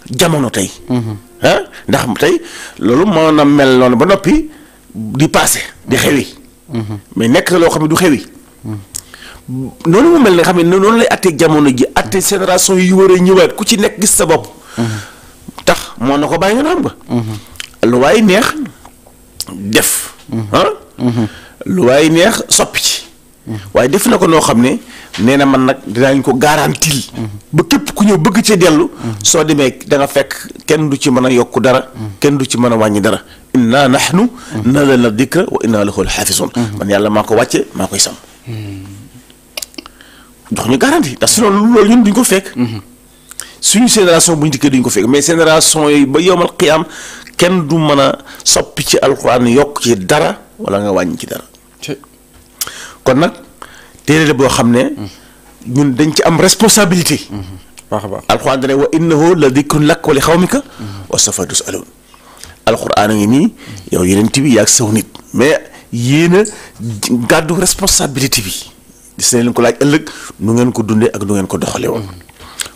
jamono tey ah ndax tey loolu moo na mel noonu ba noppi di passé di xewi. Mm-hmm. mais nekk na loo xam ne du xewi. Mm-hmm. noonu mu mel ne xam ne noonu lay àttee jamono ji àttee sénération mm-hmm. yu war a ñëwaat ku ci nekk gis sa bopp. tax moo na ko bàyyi ba. lu waay neex def. lu waay neex soppi. waaye def na ko noo xam ne nee na man nag ñu ko garantil ba képp ku ñëw bëgg ci dellu soo demee da fekk kenn du ci mën a yokk dara kenn du ci mën a wàññi dara na inna nahnu nazzalna dikra wa inna lahu lahafizun man yàlla maa ko wàcce maa koy sàmm jox ñu garanti ndax sinon loolu ñun duñ ko fekk suñu génération bu ñu dikkee duñ ko fekk mais génération yi ba yowmal qiyaam kenn du mën a soppi ci alxuraan yokk ci dara wala nga wàññi ci dara kon nag téere la boo xam ne. ñun dañ ci am responsabilité. baax a baax alxuraan dana wa la dikrun lak wa li xawmika wa sawfa tusaluun alxuraan a ngi nii yow yeneen bi yaa ak saw nit mais yéen a gàddu responsabilité bi gis nañ leen ko laaj ëllëg nu ngeen ko dundee ak nu ngeen ko doxalee woon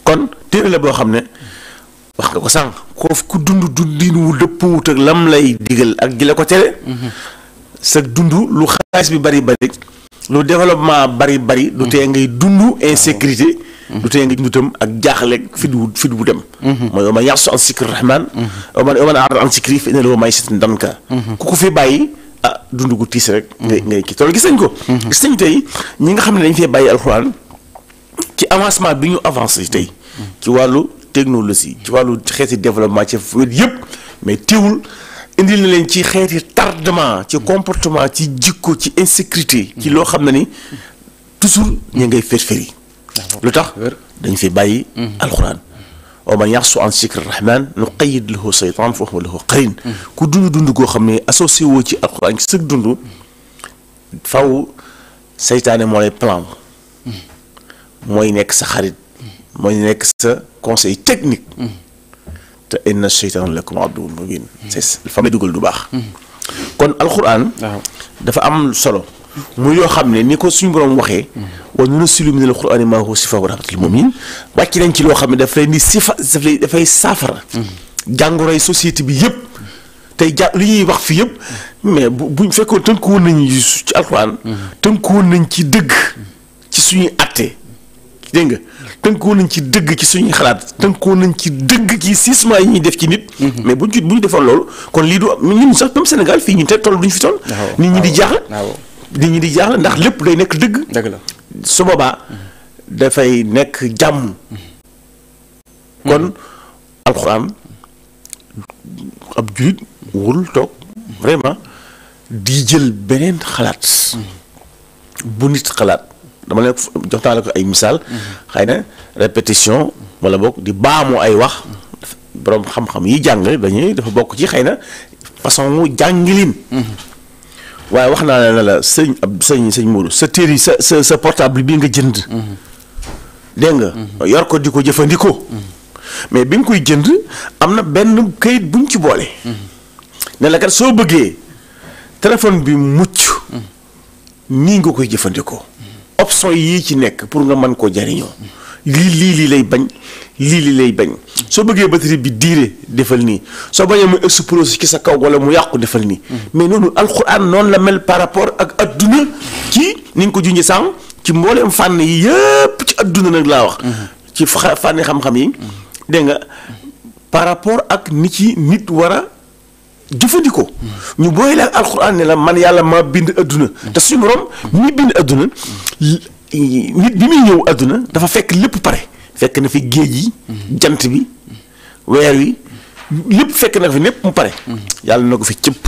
kon téere la boo xam ne wax nga ko sànq koof ku dund dundin wu dëpp wut ak lam lay digal ak ji la ko tere. Mm-hmm. sa dund lu xaalis bi bari bari lu développement bari bari. du tee mm-hmm. ngay dund insécurité. Mm-hmm. du tee ngay dund itam ak jaaxle fi du fi du dem. Mm-hmm. mooy wa man yaxsu an sikri rahmaan. wa man wa man aarada an sikri fa inna lahu maïshatan danka. ku ko fi bàyyi ah dund gu tiis rek. ngay ngay kii tool gis nañ ko. tey ñi nga xam ne dañ fee bàyyi alxuraan ci avancement bi ñu avancé tey. ci wàllu technologie ci wàllu xeeti développement ci wet yëpp mais teewul. indil na leen ci xeeti tardement ci comportement ci jikko ci insécurité ci loo xam ne ni toujours ñu ngay férféri lu tax dañu fi bàyyi mhm. alxuraan wa ñax su an sikri rahman nu qayid lahu saytaan fa huwa lahu qarin mhm. ku dund dund koo xam ne associé woo ci alxuraan ci sëg dund faw saytaane moo lay plan mhm. mooy nekk sa xarit mooy nekk sa conseil technique te inna sheytaan lakum aduwwun mubin fa may dugal du baax kon alxuraan dafa am solo mu yoo xam ne ni ko suñu borom waxee wa nunazzilu mina alxuraani maa huwa shifaa wa rahmatul mu'minin wàcc nañ ci loo xam ne daf lay ni sifa daf lay dafay saafara jàngoroy société bi yëpp tey ja li ñuy wax fi yëpp mais bu buñ fekkoon tënku woon nañ ci alxuraan tënku woon nañ ci dëgg ci suñuy àtte dégg nga tënkoo nañ ci dëgg ci suñuy xalaat tënkoo nañ ci dëgg ci sisma yi ñuy def ci nit. Mm-hmm. mais buñ ci buñ defoon loolu kon lii du ñun sax fii ñu te toll duñ fi toll. nit ñi di jaaxle. nit ñi di jaaxle ndax lépp day nekk dëgg. dëgg la su boobaa mm-hmm. dafay nekk jàmm. Mm-hmm. kon alxuraan ab julit wul toog vraiment di jël beneen xalaat. bu nit xalaat. dama leen jox naa la ko ay misaal. xëy na répétition wala boog di baamu ay wax borom xam-xam yi jàng dañuy dafa bokk ci xëy na façon mu jàngilin. waaye wax naa ne la sëñ ab sëñ sëñ Mourou sa téeri sa sa sa portable bii nga jënd. dégg nga. di ko jëfandikoo. mais bi nga koy jënd am na benn kayit buñ ci boole. ne soo bëggee téléphone bi mucc. nii nga koy jëfandikoo. option yii ci nekk pour nga man koo jariñoo lii lii lii lay bañ lii lii lay bañ soo bëggee batterie bi diire defal nii soo bañee mu explose ci sa kaw wala mu yàqu defal nii mais noonu alxuraan noonu la mel par rapport ak adduna ci ni nga ko junjee sànq ci mbooleem fànn yi yëpp ci adduna nag laa wax ci fànni xam-xam yi dégg nga par rapport ak ni ci nit war a jëfandikoo ñu booy la alxuraan ne la man yàlla maa bind adduna te suñu borom mi bind adduna nit bi muy ñëw adduna dafa fekk lépp pare fekk na fi géej yi jant bi weer wi lépp fekk na fi népp mu pare yàlla na ko fi cëpp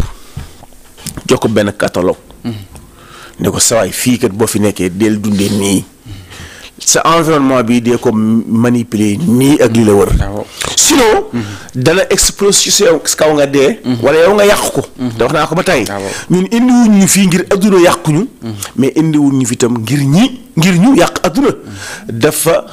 jox ko benn catalogue ne ko sawaay fii kat boo fi nekkee del dundee nii sa environnement bi dee ko manipuler nii ak li la wër. Ah sinon. Mhm. dana explose kaw nga dee. Mhm. wala yow nga yàq ko. Mhm. te naa ko ba tey. Ah ñun indiwuñ ñu fii ngir adduna yàq ñu. mais indiwuñ ñu fi itam ngir ñi ngir ñu yàq adduna. dafa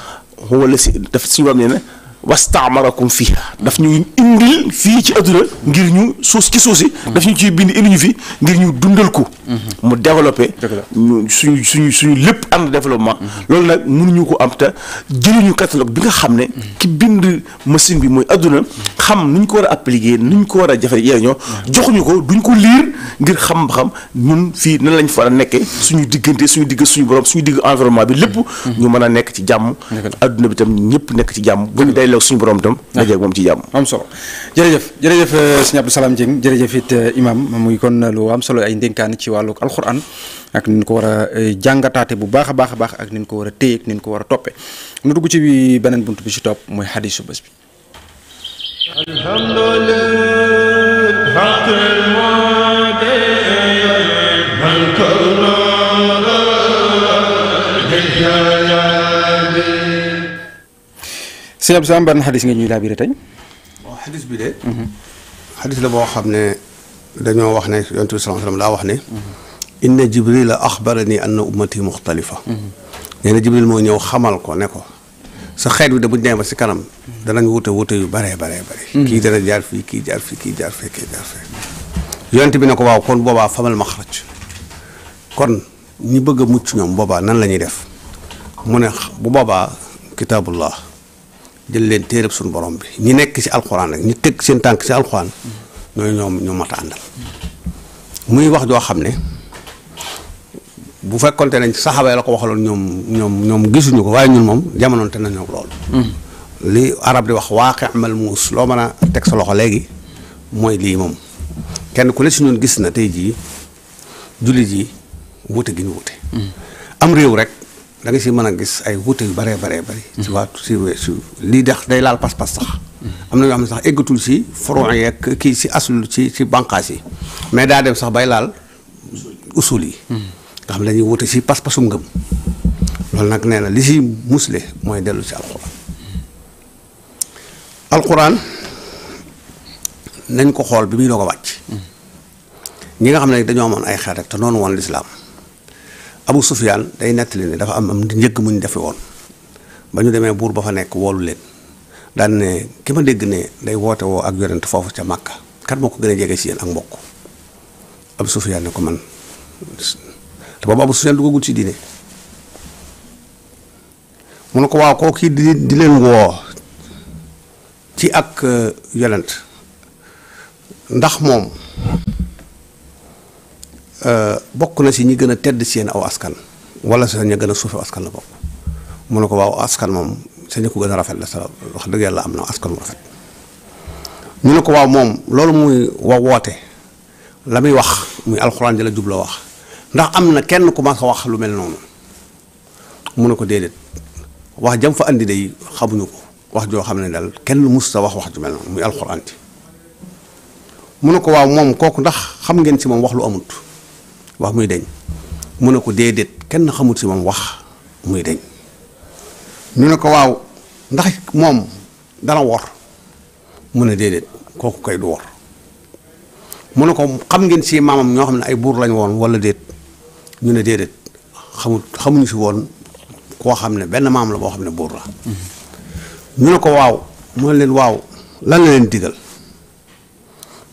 wala si dafa suñu borom nee na wastaamarakum fii daf ñu indil fii ci àdduna ngir ñu suus ci suus yi daf ñu ciy bind indi fii ngir ñu dundal ko mhm. mu développé suñu suñu suñu lépp am developpement mhm. loolu nag munuñu ko am te jëluñu catalogue bi nga xam ne mhm. ki bind machine bi mooy àdduna xam nuñ ko war a appliquer nuñ ko war a jafe jox ñu ko duñ ko liir ngir xam xam ñun fii nan lañ fa war a nekkee suñu diggante suñu digg suñu borom suñu digg environnement bi lépp ñu mën a nekk ci jàmm àdduna bi tam ñëpp nekk ci jàmm ëllëg suñu borom tam ah. dajeeg moom ci jàmm am solo jërëjëf jërëjëf eh, sëñ Abdou Salam Dieng jërëjëf it eh, imam muy kon lu am solo ay ndénkaani ci wàllu alxuraan ak nin ko war a eh, jàngataate bu baax a baax baax ak nin ko war a téye ak nin ko war a toppe nu dugg ci bi beneen bunt bi ci topp mooy xadiisu bés bi sëñ Abdou Salaam na xadis nga ñuy laabire tey. bon xadis bi de. xadis la boo xam ne dañoo wax ne yonent bi sallallahu alayhi wa sallam daa wax ne. inna jibril axbarani anna ummati muxtalifa. nee na jibril moo ñëw xamal ko ne ko. sa xeet bi da bu ñu demee si kanam. danañ wute wute yu baree baree bare. Hmm. kii dana jaar fii jaar fii kii jaar fee kii jaar fee. yonent bi ne ko waaw kon boobaa famal maxraj kon ñu bëgg a mucc ñoom boobaa nan la ñuy def mu ne bu boobaa kitaabullah jël leen téereb suñu borom bi ñi nekk ci alxuraan rek ñu teg seen tànk ci alxuraan ñooñu ñoom ñoo mat a muy wax joo xam ne bu fekkonte nañ saxaba la ko waxaloon ñoom ñoom ñoom gisuñu ko waaye ñun moom jamonoon te nañu lool. Hmm. li arab di wax waaqi amal muus loo mën a teg sa loxo léegi mooy lii moom kenn ku ne si ñun gis na tey jii jullit yi wuute gi ñu wuute. Hmm. am réew rek. da nga si mën a gis ay wuute yu bëree bëree bëri. Mhm. si waat si su lii dex day laal pas-pas sax. Mhm. am na ñoo xam ne sax eggatul si foroñ yeeg kii si asul ci si bànqaas yi mais daa dem sax bay laal usul yi. Mhm. nga xam ne dañuy wuute si loolu nag nee na li si musle mooy dellu si alxuraan. alxuraan nañ ko xool bi muy doog a nga xam ne dañoo amoon ay xeet rek te noonu woon lislaam Abu Sufyaan day nettali ne dafa am am njëkk mu ñu defe woon ba ñu demee buur ba fa nekk woolu leen daan ne ki ma dégg ne day woote woo ak yonent foofu ca Màkka kat moo ko gën a jege ci yéen ak mbokk Abu Sufyaan ne ko man te boobu Abu Sufyaan duggagul ci diine mu ne ko waaw koo kii di di leen woo ci ak euh, yonent ndax moom Euh, bokk na si ñi gën a tedd si yéen aw askan wala sa ña gën a suufe askan la bokk mu ne ko waaw askan moom sa ña ko gën a rafet la sa wax dëgg yàlla am na askan mu rafet ñu ne ko waaw moom loolu muy wa woote la muy wax muy alxuraan ji jubla wax ndax am na kenn ku ma wax lu mel noonu mu ne ko déedéet wax jam fa andi day xamuñu ko wax joo xam ne daal kenn mus sa wax wax ju mel noonu muy alxuraan ne ko waaw moom kooku ndax xam ngeen si moom wax lu amut wax muy deñ mu ne ko déedéet kenn xamul si moom wax muy deñ ñu ne ko waaw ndax moom dana wor mu ne déedéet kooku kay du wor mu ne ko xam ngeen si maamam ñoo xam ne ay buur lañ woon wala déet ñu ne déedéet xamul xamuñu si woon koo xam ne benn maam la boo xam ne buur la ñu ne ko waaw mu ne leen waaw lan la leen digal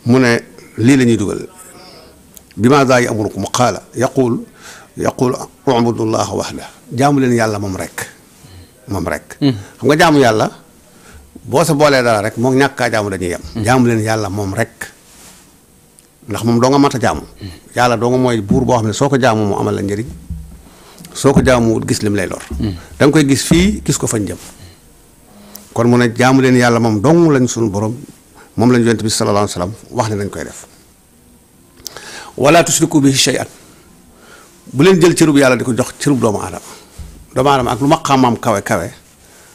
mu ne lii la ñuy dugal yi ko ya'murukum qaala yaqul yaqul u'budullaha wahda jaamu leen yàlla moom rek moom rek. xam nga jaamu yàlla boo sa boolee dara rek moom ñàkk kaa jaamu dañuy yem. leen yàlla moom rek ndax moom doo nga mat a jaamu. yàlla doo nga mooy buur boo xam ne soo ko jaamu mu amal la njariñ soo ko jaamuwul gis lim lay lor. da koy gis fii gis ko fañ jëm. kon mu ne jaamu leen yàlla moom dong lañ sunu borom moom lañ yonent bi sallallahu alayhi wax ne nañ koy def. wala tusriku bihi shay'an bu leen jël cërub yàlla di ko jox cërub doomu aadama doomu aadama ak lu ma xamam kawe kawe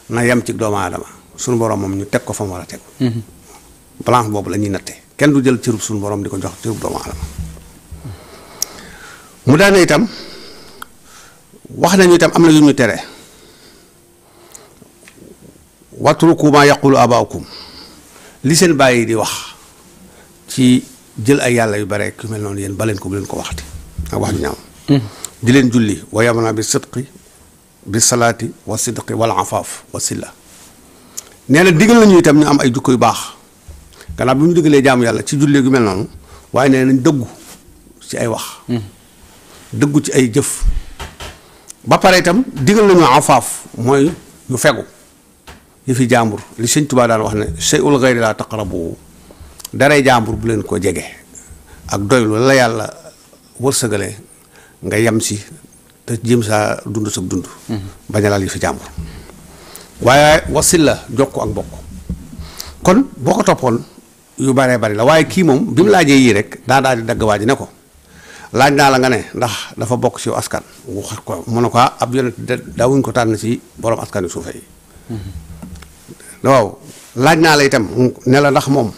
na yem ci doomu aadama sunu borom moom ñu teg ko fa mu war a teg mhm. balance boobu lañuy ñuy natte kenn du jël cërub suñu borom di ko jox cërub doomu aadama mu daane itam wax nañu itam am na yu ñu tere watruku ma yaqulu abaakum li seen bàyyi di wax ci jël ay yàlla yu bare ku mel noonu yéen baleen ko bu leen ko waxati ak wax ju ñaaw hmm. di leen julli wa yamana bi sidqi bi salaati wa sidqi wal afaaf wa silla nee na nañu itam ñu am ay jukko yu baax gannaaw bi ñu digalee jaamu yàlla ci julli gu mel noonu waaye nee nañ dëggu ci ay wax hmm. dëggu ci ay jëf ba pare itam digal nañu afaaf mooy ñu fegu fi jaambur li sëñ Tuubaa daan wax ne shay'ul ghayri laa taqrabu daray jàmbur bu leen ko jege ak doylu la yàlla wërsëgale nga yem si te jëm sa dund sa dund. Mm-hmm. bañ a fi jàmbur. waaye wasila jox ko ak bokk kon boo ko toppoon yu baree bari la waaye kii moom bi mu laajee yii rek daa daal di dagg waa ji ne ko laaj naa la nga ne ndax dafa bokk si askan. wax ko mu ko ah, ab yonent daawuñ ko tànn si borom askan wi suufee yi. Mm-hmm. waaw laaj naa la itam ne la ndax moom.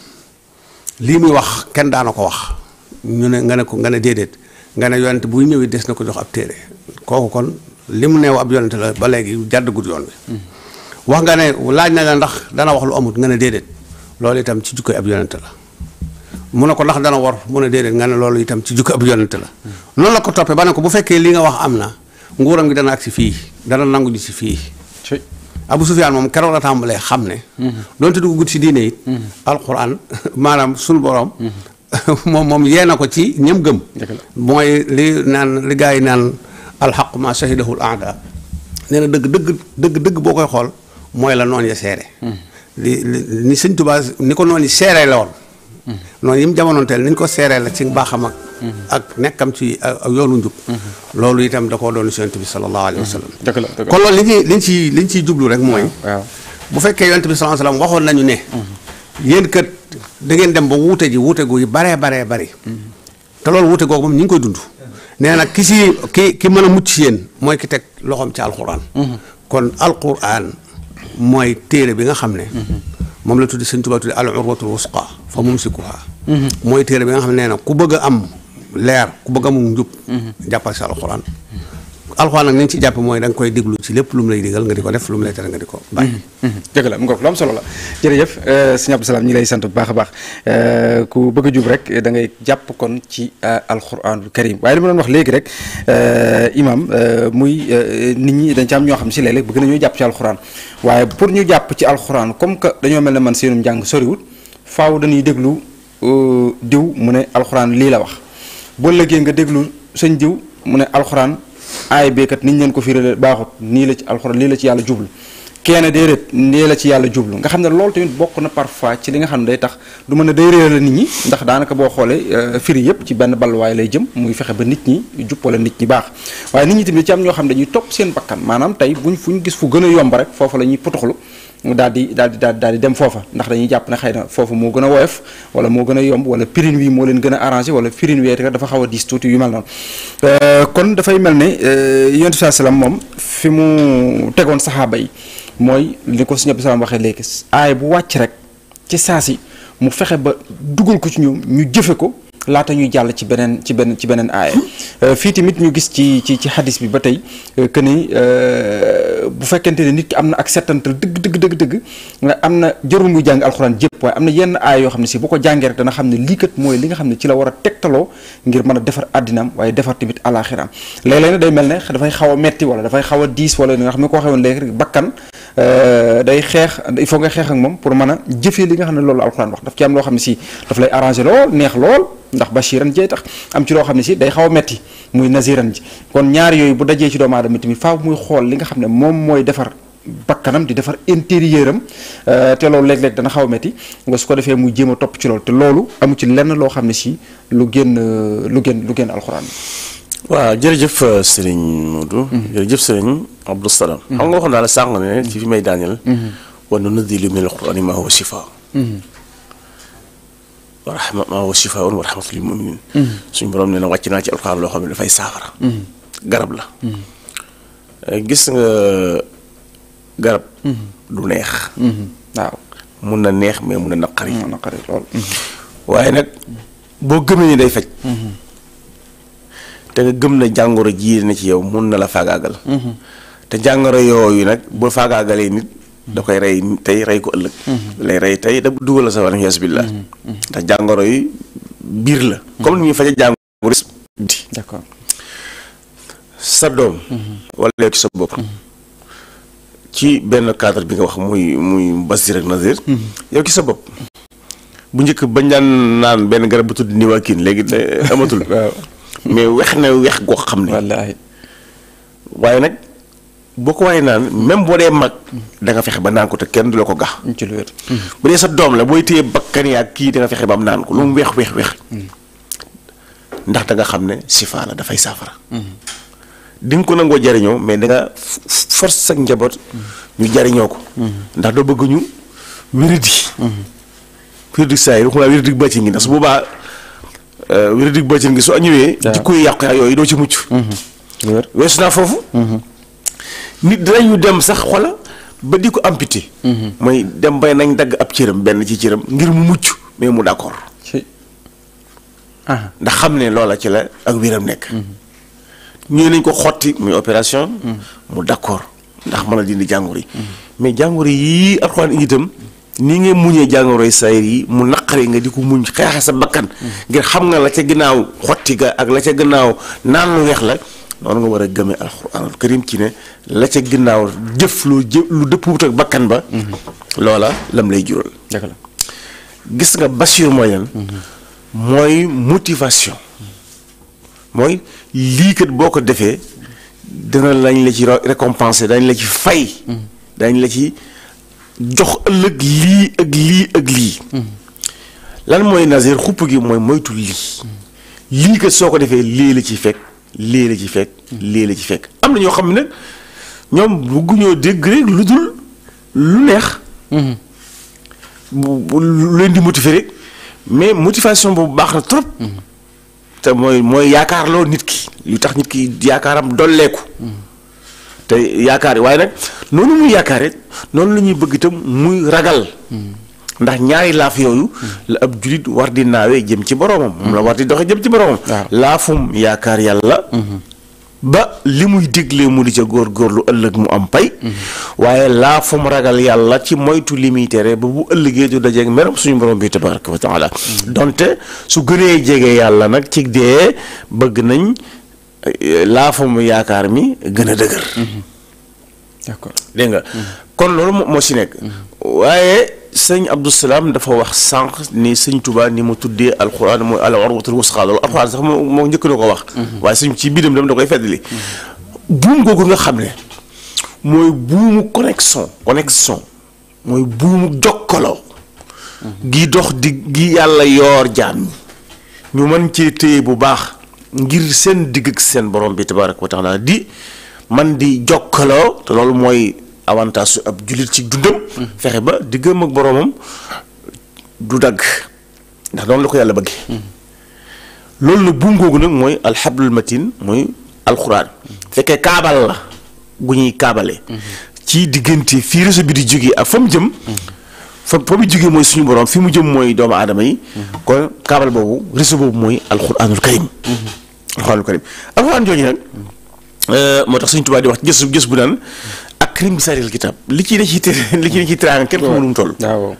lii muy wax kenn daana ko wax ñu ne nga ne ko nga ne déedéet nga ne yonent buy ñëwee des na ko jox ab téere kooku kon li mu neew ab yonent la ba léegi jàdd gudd bi hmm. wax nga ne laaj na la ndax dana wax lu amut nga ne déedéet loolu itam ci jukkoy ab yonent la mu ne ko ndax dana war mu ne déedéet nga ne loolu itam ci jukko ab yonent la hmm. noonu la ko toppee ba ne ko bu fekkee li nga wax am na nguuram gi dana agsi fii dana nangu ji si fii Abu Sufyaan moom keroog la tàmbalee xam ne. doonte du gudd si diine it. alxuraan maanaam sunu borom. moom moom yee na ko ci ñam gëm. mooy li naan li gars yi naan alxaq ma shahidahul aada nee dëgg dëgg dëgg dëgg boo koy xool mooy la noon ya seere. Hmm. li li ni sëñ Tuubaa ni ko noon yi seere la noonu yim jamonoonteel niñ ko seeree la ci baaxam ak mhm. ak nekkam ci yoonu njub mhm. loolu itam da koo doon si yonent bi sallallahu alayhi wa sallam mhm. kon loolu li liñ ci rek mooy bu fekkee yonent bi sallallahu alayhi wa sallam ne yéen kat da ngeen dem ba wuute ji wuute gu yi baree baree bari te loolu wute googu moom ñu ngi koy dund nee nag ki si ki ki mën a mucc yéen mooy ki teg loxoom ci alquran kon alquran mooy téere bi nga xam ne moom la tuddi sëñ Tuubaa tuddi al urwatul wusqa fa mumsikuha mhm. mooy téere bi nga xam ne nee ku bëgg a am leer ku bëgg a amum njub mhm. jàppal si alxuraan mhm. alxuraan nag nañ ci jàpp mooy da koy déglu ci lépp lu mu lay digal ko def lu mu lay tere nga di ko mm-hmm. Mm-hmm. solo la jërëjëf euh, sëñ Abdou Salam ñi lay sant bu baax a baax euh, ku bëgg jub rek da ngay jàpp kon ci euh, alxuraanul karim waaye li ma doon wax léegi rek imam muy nit ñi dañ ci ñoo xam si bëgg nañoo jàpp ci alxuraan waaye pour ñu jàpp ci alxuraan comme que dañoo mel ne man seenum njàng soriwul faaw dañuy déglu diw mu ne alxuraan lii la wax boo lëggee nga déglu sëñ diw mu ne alxuraan aay beekat niñ leen ko firale baaxut nii la ci alxuraan lii la ci yàlla jublu kenn déedéet nii la ci yàlla jublu nga xam ne loolu tamit bokk na parfois ci li nga xam ne day tax du mën a day réerale nit ñi ndax daanaka boo xoolee euh, firi yëpp ci benn balluwaay lay jëm muy fexe ba nit ñi jub nit ñi baax waaye nit ñi tamit ci am ñoo xam ne dañuy topp seen bakkan maanaam tey buñ fu ñu gis fu gën a yomb rek foofu la ñuy potoxlu daal di daal di daal di dem foofa ndax dañuy jàpp ne xëy na foofu moo gën a woyof wala moo gën a yomb wala pirine wi moo leen gën a arrangé wala pirine wi dafa xaw a diis tuuti yu mel noonu euh, kon dafay mel ne euh, yonent bi salaam moom fi mu tegoon saxaaba yi mooy li ko suñu salaam waxee léegi aay bu wàcc rek ci saa si mu fexe ba dugal ko ci ñoom ñu jëfe ko laata ñuy jàll ci beneen ci beneen ci beneen aaya euh, fii tamit ñu gis ci ci ci xadis bi ba tey euh, que ni euh, bu fekkente ne nit ki am na ak settantal dëgg dëgg dëgg dëgg am na jarul muy jàng alxuraan jëpp waaye am na yenn aaya yoo xam ne si boo ko jàngee rek dana xam ne lii kat mooy li nga xam ne ci la war a tegtaloo ngir mën a defar àddinaam waaye defar tamit alaxiraam léeg-léeg mel ne dafay xaw a metti wala dafay xaw a diis wala nga xam ne koo xewoon léegi bakkan Euh, day xeex il faut nga xeex ak moom pour mën a jëfee li nga xam ne loolu alxuraan wax daf ci am loo xam ne si daf lay arrangé lool neex lool ndax bashiran jey tax am ci loo xam ne si day xaw a metti muy naziran ji kon ñaar yooyu bu dajee ci doomu aadama faaw muy xool li nga xam ne moom mooy defar bakkanam di defar intérieur am euh, te loolu léeg-léeg dana xaw a metti nga su ko defee muy jéem a topp ci loolu te loolu amu ci lenn loo xam ne si lu génn lu génn lu génn alxuraan waaw jërëjëf euh, sëriñ Modou. Mhm. jërëjëf sëriñ Abdou Salam. Mhm. xam nga waxoon naa la sànq ne ci fi may daaneel. Mhm. wa nunazzilu mina al-Qur'ani maa huwa shifaa. wa rahma maa huwa shifaa wa rahmatun lil mu'minin. suñu borom nee na wàcc naa ci alxuraan loo xam ne dafay saafara. garab la. Euh, gis nga garab. du neex. waaw mun na neex mais mun na naqari. mun waaye nag boo gëmee ni day faj. te nga gëm na jàngoro ji na ci yaw mun na la faagaagal. Mhm. te jàngoro yooyu nag bu faagaagalee nit. da koy rey tey rey ko ëllëg. Mhm. lay rey tey da dugal la sa wàllu yas billah ndax mhm. jàngoro yi biir la. comme ni ñuy faj a jàngoro biti. sa doom. sa bopp. ci benn cadre bi nga wax muy muy basir ak nazir. ci sa bopp. bu njëkk bañ daan naan benn garab bu tudd niwakin léegi amatul. mais wex na weex goo xam ne. wallaahi waaye nag boo ko waaye naan même boo dee mag. da fexe ba naan ko te kenn du la ko gax ci lu wér bu dee sa doom la booy téye bakkan ak kii da fexe ba am naan ko lu mu weex weex weex. Mm. ndax da nga xam ne sifaa la dafay saafara. Mm. di nga ko nangoo jariñoo mais danga nga force sa njaboot. ñu jariñoo ko. Mm. ndax doo bëgg ñu wéradi. wéradi saa yi waxuma wéradi bàcc ngi ndax su boobaa. Euh, wér-dig bëccëg gi soo ñëwee. waaw ah. jikko yi yàqu yaa yooyu doo ci mucc. Mm-hmm. weesu naa foofu. Mm-hmm. nit dinañu dem sax xola ba di ko amputé. Mm-hmm. mooy dem bay nañ dagg ab cëram benn ci cëram ngir mu mucc mais mu d'accord. Ah. ndax xam ne loola ci la ak wéram nekk. ñëwee nañ ko xotti muy opération. mu d'accord ndax mën a dindi jàngoro yi. mais jàngoro yii alxuraan itam. ni nga muñee jàngoroy sayir mu naqari nga di ko muñ xeexee sa bakkan ngir xam nga la ca gannaaw xotti ga ak la ca gannaaw naan lu weex la noonu nga war a gëmee alxuraanul karim ci ne la ca gannaaw jëf lu jëf lu dëppuwut ak bakkan ba mm-hmm. loola lam lay jural gis nga basir mooy lan mm-hmm. mooy motivation mooy lii boo ko defee dana lañ la ci récompenser dañ la ci fay mm-hmm. dañ la ci jox ëllëg lii ak lii ak lii. lan mooy nazir xupp gi mooy moytu lii. lii ko soo ko defee lii la ci fekk lii la ci fekk. lii la ci fekk am na ñoo xam ne ñoom bëgguñoo dégg rek lu dul lu neex. Mhm. lu leen di motiver rek mais motivation boobu baax na trop. Mhm. te mooy mooy yaakaarloo nit ki lu tax nit ki yaakaaram dolleeku. Mhm. te yaakaar waaye nag noonu yaakaar yaakaare noonu la ñuy bëgg itam muy ragal. ndax ñaari laaf yooyu. la ab julit war di naawee jëm ci boroomam. la war di doxee jëm ci boroomam. laafum yaakaar yàlla. Mhm. ba li muy diglee mu di ca lu ëllëg mu am pay mhm. waaye laafum ragal yàlla ci moytu li muy tere ba bu ëllëgee du dajeeg meram suñu borom bi tabaraka wa taala mhm. donte su gënee jege yàlla nag ci dee bëgg nañ. laafamu yaakaar mi gën a dëgër. d'accord dégg nga. Mhm. kon loolu moo ci nekk. Mhm. waaye sëñ Abdou Salam dafa wax sanq ni sëñ Touba ni mu tuddee alxuraan mooy al urwatul wusqa loolu alxuraan sax moo moo njëkk na ko wax. Mhm. waaye sëñ ci biiram dam da koy feddali. buum googu nga xam ne mooy buumu connexion. connexion mooy buumu jokkaloo. gi dox di gi yàlla yoor jaam ñi ñu mën cee téye bu baax. ngir seen digg ak seen borom bi tabaaraka wa taala di man di jokkaloo te loolu mooy avantage ab jullit ci dundam. fexe ba diggam ak boromam du dagg ndax noonu la ko yàlla bëgge loolu nag buum googu nag mooy alxablul matin mooy alxuraan fekkee kaabal la gu ñuy kaabale mm-hmm. ci diggante fii réseau bi di jógee ak fa jëm mm-hmm. fa fa mu jógee mooy suñu borom fi mu jëm mooy doomu aadama yi. kon kaabal boobu réseau boobu mooy alxuraanul karim. alxuraanul karim alxuraan jooju nag. Euh, moo tax suñu tubaab di wax gës gës bu naan ak karim bi saaril li ciy ne ci li ciy ne ci teraanga kenn ku mënum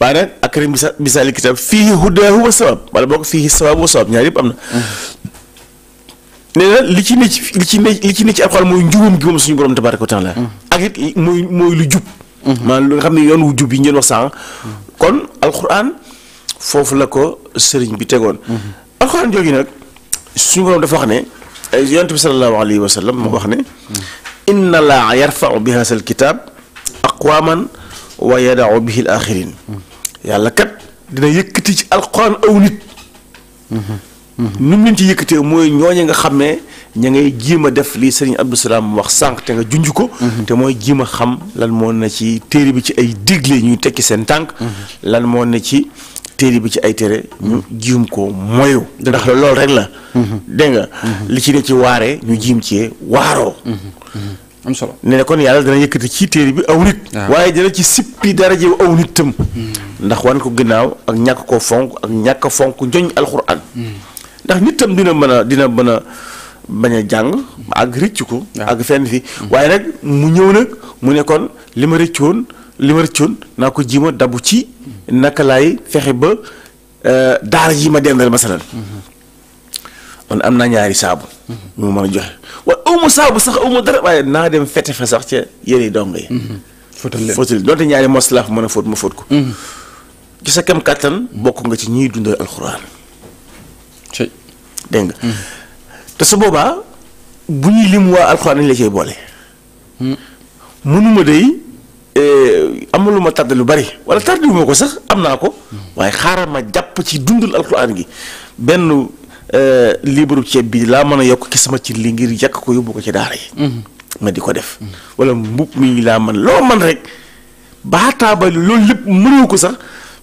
ak karim bi bi fii hudaahu wa sabab wala boog fii sababu wa sabab yëpp am na. nee li ci ne ci li ci ne ci ne ci alxuraan mooy njubam gi moom suñu borom tabaaraka wa taala mm. ak it mooy mooy lu jub. maanaam lu nga xam ne yoon wu jub yi ngeen wax sànq. kon alxuraan foofu la ko sëriñ bi tegoon. alxuraan jooju nag suñu borom dafa wax ne yonent bi sallallahu alayhi wa sallam mu wax ne. inna laa yarfau bi haasal kitaab aqwaman wa yadaau bihi al yàlla kat dina yëkkati ci alxuraan aw nit. ñun ñu ci yëkkatee mooy ñooñu nga xam ne ña ngay jéem a def li sëriñ Abdou Salaam wax sànq te nga junj ko. Mhm. te mooy jéem a xam lan moo ne ci téere bi ci ay digle ñuy tekki seen tànk. Mhm. lan moo ne ci téere bi ci ay tere ñu mhm. jiim ko moyu. ndax lool rek la. dégg nga li ci ne ci waaree ñu jiim ci waaroo. am ne kon yàlla dana yëkkati ci téere bi aw nit. Ah. waaye dana ci sippi daraje aw nit tam. ndax wan ko ginnaaw ak ñàkk koo fonk ak ñàkk fonk njoñ alxuraan. ndax nit tam dina mën a dina mën a bañ a jàng ak rëcc ko. ak fenn fi waaye nag mu ñëw nag mu nekkoon kon li ma rëccoon li ma rëccoon naa ko jima dabu ci naka laay fexe ba euh, daara ji ma dendal masalan man am naa ñaari saabu. mu mën a joxe waaye aw saabu sax aw ma dara waaye naa dem fete fa sax ca yëre dong yi. Mhm. fóotal leen fóotal doonte ñaari mos laa fa a fóot ma fóot ko. Mhm. ci sa kem kàttan bokk nga ci ñuy dundal alxuraan. dégg nga. Hmm. te su boobaa bu ñuy lim waa alxuraan dañ la cay boole. Hmm. mënuma day eh, am lu ma tardé lu bari wala tardé ma ko sax am naa ko. Hmm. waaye xaaral ma jàpp ci dundal alxuraan gi benn eh, liibaru ceeb bi laa mën a yokk ki sama ci li ngir yàq ko yóbbu ko ci daara yi. ma di ko def. wala mbub mi laa man loo man rek baataabalu loolu lépp mënoo ko sax.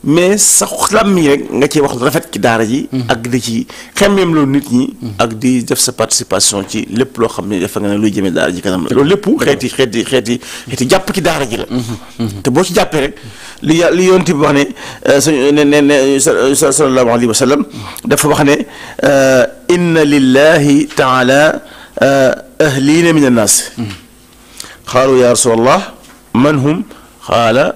mais sa làmmiñ rek nga ciy wax rafet ci daara ji. Mhm. ak di ci xemmeem loolu nit ñi. Mhm. ak di def sa participation ci lépp loo xam ne dafa nga ne luy jëmee daara ji kanam la. loolu lépp xeeti xeeti xeeti xeeti jàpp ci daara ji la. Mhm. te boo ci jàppee rek li ya li yonent wax ne euh, suñu ne ne ne sallallahu alayhi wa sallam dafa wax ne euh, inna lillahi taala euh, ahliina min annaas. qaalu yaa rasulallah man hum qaala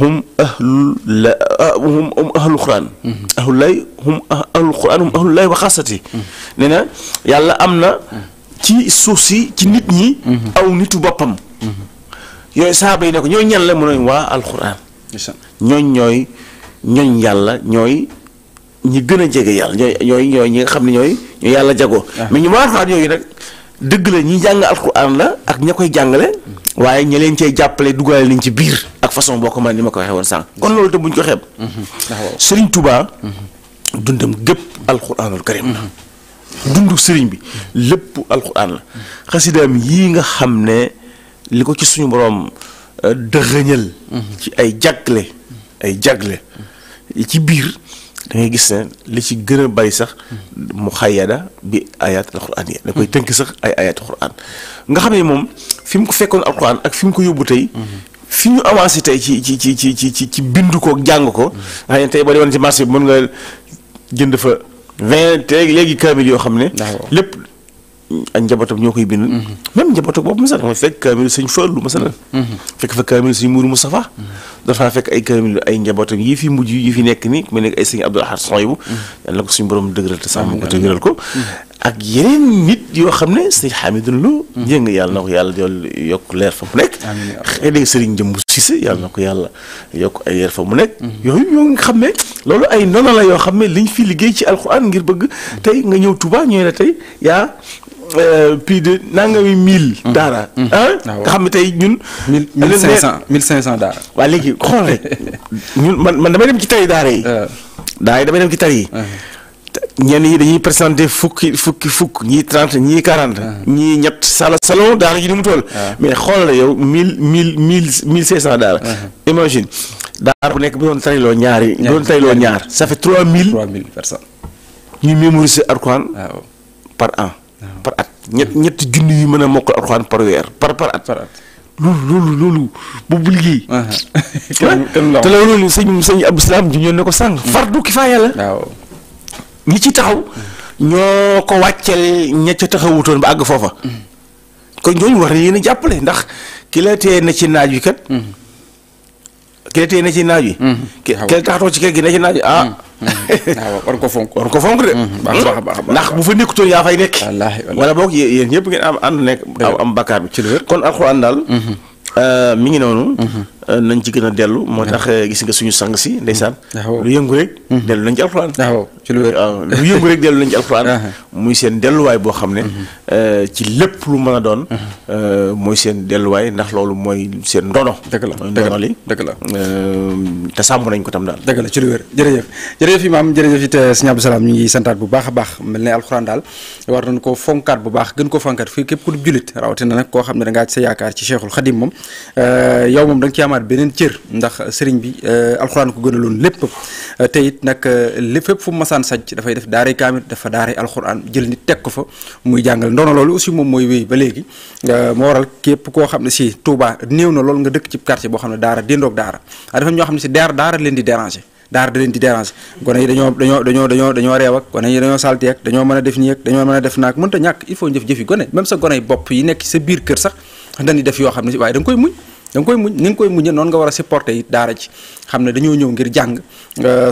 hum ahlul la ah, hum hum ahlul quran mm-hmm. ahlul lay hum ahlul quran hum ahlul lay wa xaasati mm-hmm. nee na yàlla am na mm-hmm. ci suuf si ci nit ñi aw nitu boppam yooyu saaba yi ne ko ñooy ñan la mun waa alquran ñooñ ñooy ñooñ yàlla ñooy ñi gën a jege yàlla ñooy ñooy ñooy ñi nga xam ne ñooy ñooy yàlla jagoo ah. mais ñu ma alxuraan yooyu nag dëgg la ñi jàng alxuraan la ak ña koy jàngale waaye ña leen cay jàppale dugale nañ ci biir ak façon boo ko mën ni ma ko waxee woon sànq. kon loolu itam bu ñu ko xeeb. Mm-hmm. Serigne Touba. Mm-hmm. dundam gépp alxuraanul karim la. Mm-hmm. dundu bi lépp alxuraan la xasidaam yii nga xam ne li ko ci suñu borom euh, dëxëñal. ci ay jagle ay jagle ci biir. dangay gis ne li ci gën a bari sax mu xayada bi ayat alquran yi da koy tënk sax ay ayat alquran nga xam ne moom fi mu ko fekkoon alquran ak fi mu ko yóbbu tey fi ñu avancé tey ci ci ci ci ci ci bindu ko jàng ko. nga xam ne tey boo ci marché bi mën nga jënd fa vingt léegi kaamil yoo xam ne. lépp. ak njabootam ñoo koy bind. Mhm. même njabootam boobu mos a def fekk kaamil sëñ Fallu a def. Mhm. fekk fa kaamil sëñ Muuru Mustafa. Mhm. dafa fekk ay kaamil ay njabootam yi fi mujj yi fi nekk nii ku mel ne ay sëñ Abdul Ahad Soyibu. yàlla na ko suñu borom dëgëral te sàmm ko te wéral ko. ak yeneen nit yoo xam ne sëñ Xamidun Lo. njëng yàlla na ko yàlla yokk leer fa mu nekk. yooyu ñoo ngi xam ne loolu ay nono la yoo xam ne liñ fi liggéey ci alxuraan ngir bëgg tey nga ñëw Tuubaa ñooy la tey yaa Euh, plus de nangami mille. daara ah nga xam ne tey ñun. mille mille cinq cent mille cinq cent daara. waa léegi xool rek ñun man man damay dem ci tari daara yi. Euh. daara yi damay dem ci tari yi. Euh. ñenn yi dañuy présenté fukki fukki fukk ñii trente ñii quarante. ñii ñett sala salon daara ji ni mu toll. mais xool la yow mille mille mille mille cinq cent daara. imagine daara bu nekk bu doon tariloo ñaar yi. bu doon tariloo ñaar sa fait trois mille. trois mille personnes. ñuy mémoriser ah par an. par at ñett ñetti junni yu mën a mokkal alxuraan par weer par par at loolu loolu loolu boobu liggéey ah, ah. te loolu sëñ sëñ Abdou Salaam ji ñoo ne ko sànq hmm. fardu kifaaya la ñi ci taxaw ñoo ko wàcceel ña ca taxawutoon ba àgg foofa hmm. kon ñooñu war na leen jàppale ndax ki la tee na ci naaj wi kat hmm. ki la tee na ci naaj wi ki la taxatoo ci kër gi na ci naaj wi ah waaw mm-hmm. ah, war ko fonk war ko fonk de. Mm-hmm. a baax ndax bu fa nekkutoon yaa fay nekk. wallaahi wala boog yéen ñëpp ngeen am ànd nekk. am bakkaar bi ci lu wér kon alxuraan daal. Mm-hmm. Euh, mi ngi noonu. Euh, nañ ci gën a dellu. moo tax euh, gis nga suñu sang si ndeysaan. Mm-hmm. lu yëngu rek. dellu nañ ci alxuraan. waaw ci lu yëngu muy seen delluwaay boo xam ne. Mm-hmm. Euh, ci lépp lu mën a doon. Mm-hmm. mooy seen delluwaay ndax loolu mooy seen ndono. dëgg la ndono li dëgg la te sàmm nañ ko tam daal. dëgg la ci lu wér jërëjëf jërëjëf imaam jërëjëf it sëñ Abdou Salaam ñu ngi santaat bu baax a baax mel ne alxuraan daal war nañ ko fonkaat bu baax gën ko fonkaat fii képp ku di jullit rawatina nag koo xam ne da ngaa sa yaakaar ci Cheikhul Xadim amaat beneen cër ndax sëriñ bi euh, alxuraan ko gënaloon lépp euh, te it nag euh, li fépp fu masaan sànc dafay def daaray kaamil dafa daaray alxuraan jël nit teg fa muy jàngal ndono loolu aussi moom mooy wéy ba léegi moo waral képp koo xam ne si Touba néew na loolu nga dëkk ci quartier boo xam ne daara déndoog daara a ñoo xam ne si daar daara leen di déranger daara da leen di déranger gone yi dañoo dañoo reew ak gone yi dañoo salti ak dañoo mën a def nii ak dañoo mën a def naak yoo xam ne si waaye da nga koy da nga koy muñ ni koy muñe noonu nga war a supporter it daara ci xam ne dañoo ñëw ngir jàng